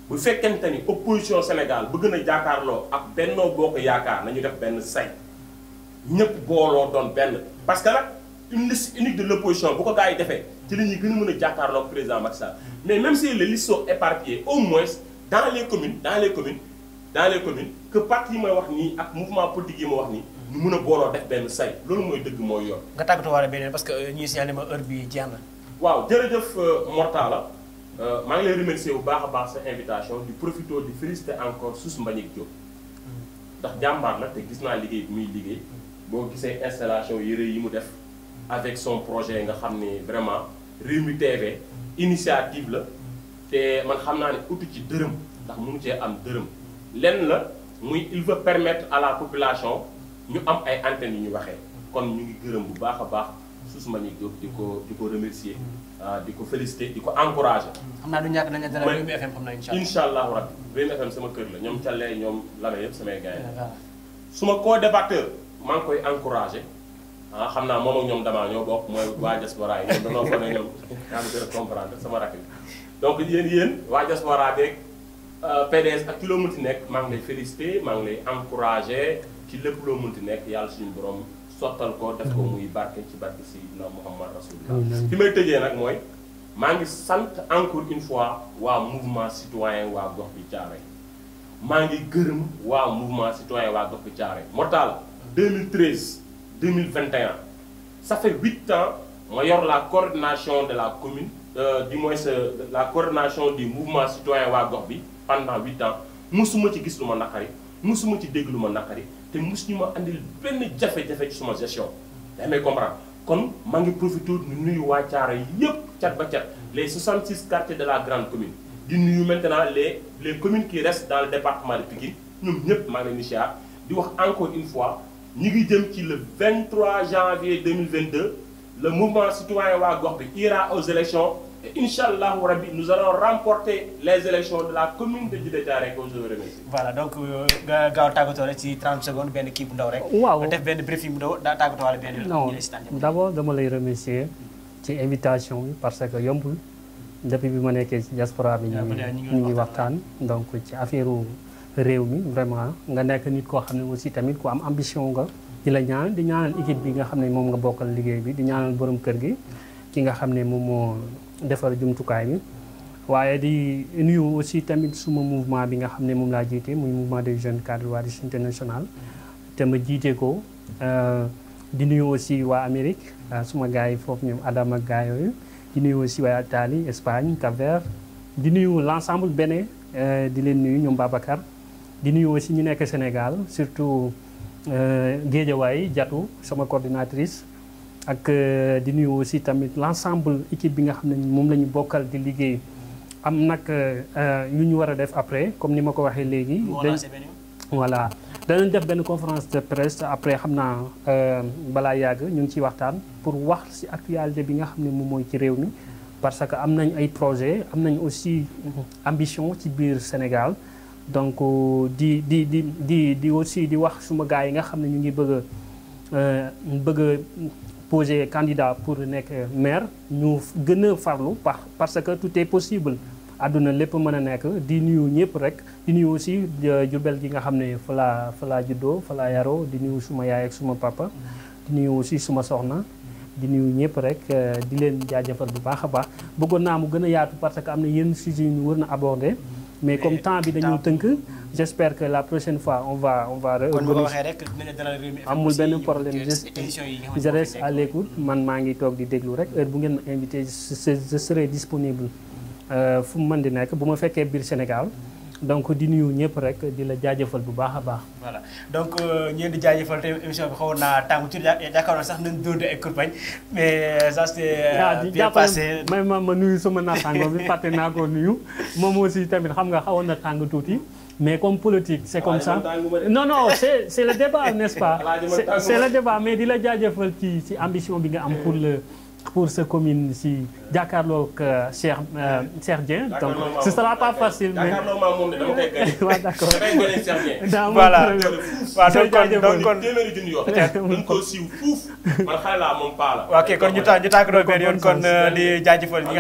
bu fekkente ni opposition Sénégal bëgg na jàkkaarloo ak bennoo boo ko yaakaar nañu def benn say ñëpp booloo doon benn parce que une liste unique de l'opposition bu ko gars yi defee ci la ñuy gën a mën a jàkkaarloog président Macky Sall mais même si les listes sont éparpillées au moins dans les communes dans les communes dans les communes que parti yi may wax nii ak mouvement politique yi ma wax nii. ñu mun a booloo def benn say loolu mooy dëgg mooy yoon. nga tàggatu wala beneen parce que euh, ñuy signalé ma heure bi jeex na. waaw jërëjëf euh, Mortala euh, maa ngi lay remercier bu baax a baax sa invitation di profité di féliciter encore Sus Mbagnick Diop mm. ndax jàmbaar la te gis naa liggéey bi muy liggéey mm. boo gisee installation yëre yi mu def. avec son projet nga xam ni vraiment Rewmi TV initiative la te man xam naa ne utu ci dërëm ndax mënu cee am dërëm lenn la muy il veut permettre à la population ñu am ay antennes yu ñu waxee kon ñu ngi gërëm bu baax a baax Ousmane Diop di ko di ko remercier mm. ah, di ko féliciter di ko encourager. Mm. xam naa du ñàkk nañu dalal Rewmi FM xam naa incha allah incha FM sama kër la ñoom Thialé ñoom Lala yëpp samay gars yi. su ma co-débatteur maa ngi koy encourager. ah xam naa moom ak ñoom damaa ñoo bokk mooy waa diaspora yi ñoom dañoo ko ne ñoom yaa ngi donc yéen yéen waa diaspora beeg euh, PDS ak ci nekk maa ngi lay félicité maa ngi lay encouragé ci lépp loo munti nekk yàlla suñu borom sottal ko def ko muy barke ci barke si na Muhammad may tëjee nag mooy maa ngi sant encore une fois waa mouvement citoyen waa gox bi Thiaroye maa ngi gërëm waa mouvement waa gox bi Thiaroye 2021 ça fait huit ans ma yor la coordination de la commune euh, du moins euh, la coordination du mouvement citoyen waa gox bi pendant huit ans musuma ci gis lu ma naqari musuma ci dégg lu ma naqari te musuñu ma indi benn jafe-jafe ci suma gestion yaa may comprendre kon maa ngi profité nu nuyu waa Thiaroye yépp cat ba cat les 66 quartiers de la grande commune di nuyu maintenant les les communes qui restent dans le département de Pikine ñoom ñëpp maa ngi leen di wax encore une fois ñu ngi jëm ci le 23 janvier 2022 le mouvement citoyen waa gox bi ira aux élections et incha allahu rabbi nous allons remporter les élections de la commune de Djidah Thiaroye Kao je vous donc euh, nga gaaw a tàggatoo ci 30 secondes benn kii ndaw rek. waaw def benn briefing bu ndaw daa tàggatoo wala benn. non d' abord dama lay remercier ci invitation bi parce que yombul depuis bi ma nekkee ci diaspora bi. Ah, ñu ngi waxtaan donc ci affaire réew mi vraiment nga nekk nit koo xam ne aussi tamit ku am ambition nga di la ñaan di ñaanal équipe bi nga xam ne moom nga bokkal liggéey bi di ñaanal borom kër gi ki nga xam ne moom moo defar jumtukaay bi waaye di nuyu aussi tamit suma mouvement bi nga xam ne moom laa jiite muy mouvement des jeunes cadres Waarich international te ma jiite ko euh, di nuyu aussi waa Amérique euh, suma gars yi foofu ñoom Adama ak gars yooyu di nuyu aussi waa Italie Espagne Cap-Vert di nuyu l' ensemble beneen euh, di leen nuyu ñoom di nuyu aussi ñu nekk Sénégal surtout euh, géejewaay Jatu sama coordinatrice ak euh, di nuyu aussi tamit l' ensemble équipe bi nga xam ne moom la ñu bokkal di liggéey am nag yu euh, ñu war a def après comme ni ma ko waxee léegi. voilà danañ def benn conférence de presse après xam naa balaa yàgg ñu ngi ciy waxtaan pour wax ci actualité bi nga xam ne moom mooy ci réew mi parce que am nañ ay projet am nañu aussi ambition ci biir Sénégal. donc euh, di di di di di aussi di wax suma gars yi nga xam ne ñu ngi bëgg a euh, bëgg a poser candidat pour nekk maire ñu gën a farlu par parce que tout est possible àdduna lépp mën a nekk di nuyu ñëpp rek di nuyu aussi euh, Jurbel gi nga xam ne fa laa fa laa juddoo fa di nuyu suma yaay ak suma papa di nuyu aussi suma soxna di nuyu ñëpp rek di leen jaajëfal bu baax a baax bëggoon naa mu gën a yaatu parce que am na yenn sujets yu ñu war na aborder mais comme temps bi dañu tënk mm. j'espère que la prochaine fois on va on va. amul benn problème je reste à l'écoute man maa ngi toog di déglu rek heure bu ngeen ma invité je serai disponible euh, fu mu mën di nekk bu ma fekkee biir Sénégal. donc di nuyu ñëpp rek di la jaajëfal bu baax a baax. voilà donc euh, ñu di jaajëfal tey émission xawoon naa tàng tuuti sax nañ doon ay campagne mais euh, ça c'est euh, bien passé may ma ma nuyu sama naataango bi fàtte naa ko nuyu moom aussi tamit xam nga xawoon na tàng tuuti. mais comme politique c'est comme ça non non c'est c'est le débat pas c'est le débat mais di la jaajëfal ci ci ambition bi nga am pour la pour sa commune si jàkkaarloog euh, Cheikh euh, Cheikh Dieng. donc ce sera pas facile mais. waaw d' accord. voilà donc kon donc kon. ok kon kon di jaajëfal ñi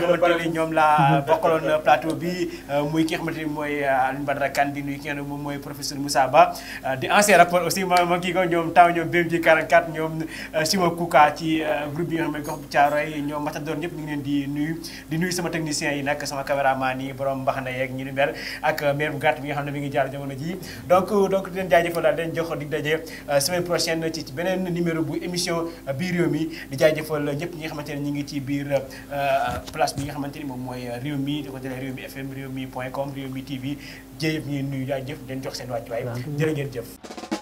ni ñoom laa bokkaloon plateau bi euh, muy ki nga xamante ni mooy Alioune Badara Kane di nuyu ki nga xam mooy professeur Moussa Ba di ancien rapport aussi ma ma kii ko ñoom taw ñoom BMJ 44 ñoom Sima Kouka ci groupe bi nga xam ne gox bu Thiaroye ñoom Matador ñëpp ñu ngi di. di nuyu di nuyu sama technicien yi nag sama caméraman yi borom mbax na yeeg ñu ni mel ak maire bu gàtt bi nga xam ne mi ngi jaar jamono ji donc donc di leen jaajëfal daal di leen jox dig daje euh, semaine prochaine ci beneen numéro bu émission euh, biir réew mi di jaajëfal ñëpp ñi nga xamante ne ñu ngi ci biir euh, place bi nga xamante ni moom mooy réew mi di ko jëlee réew mi fm réew mi point com réew mi tv jërëjëf ñuy nuyu jaajëf di leen jox seen wàccuwaay jërë ngeen jëf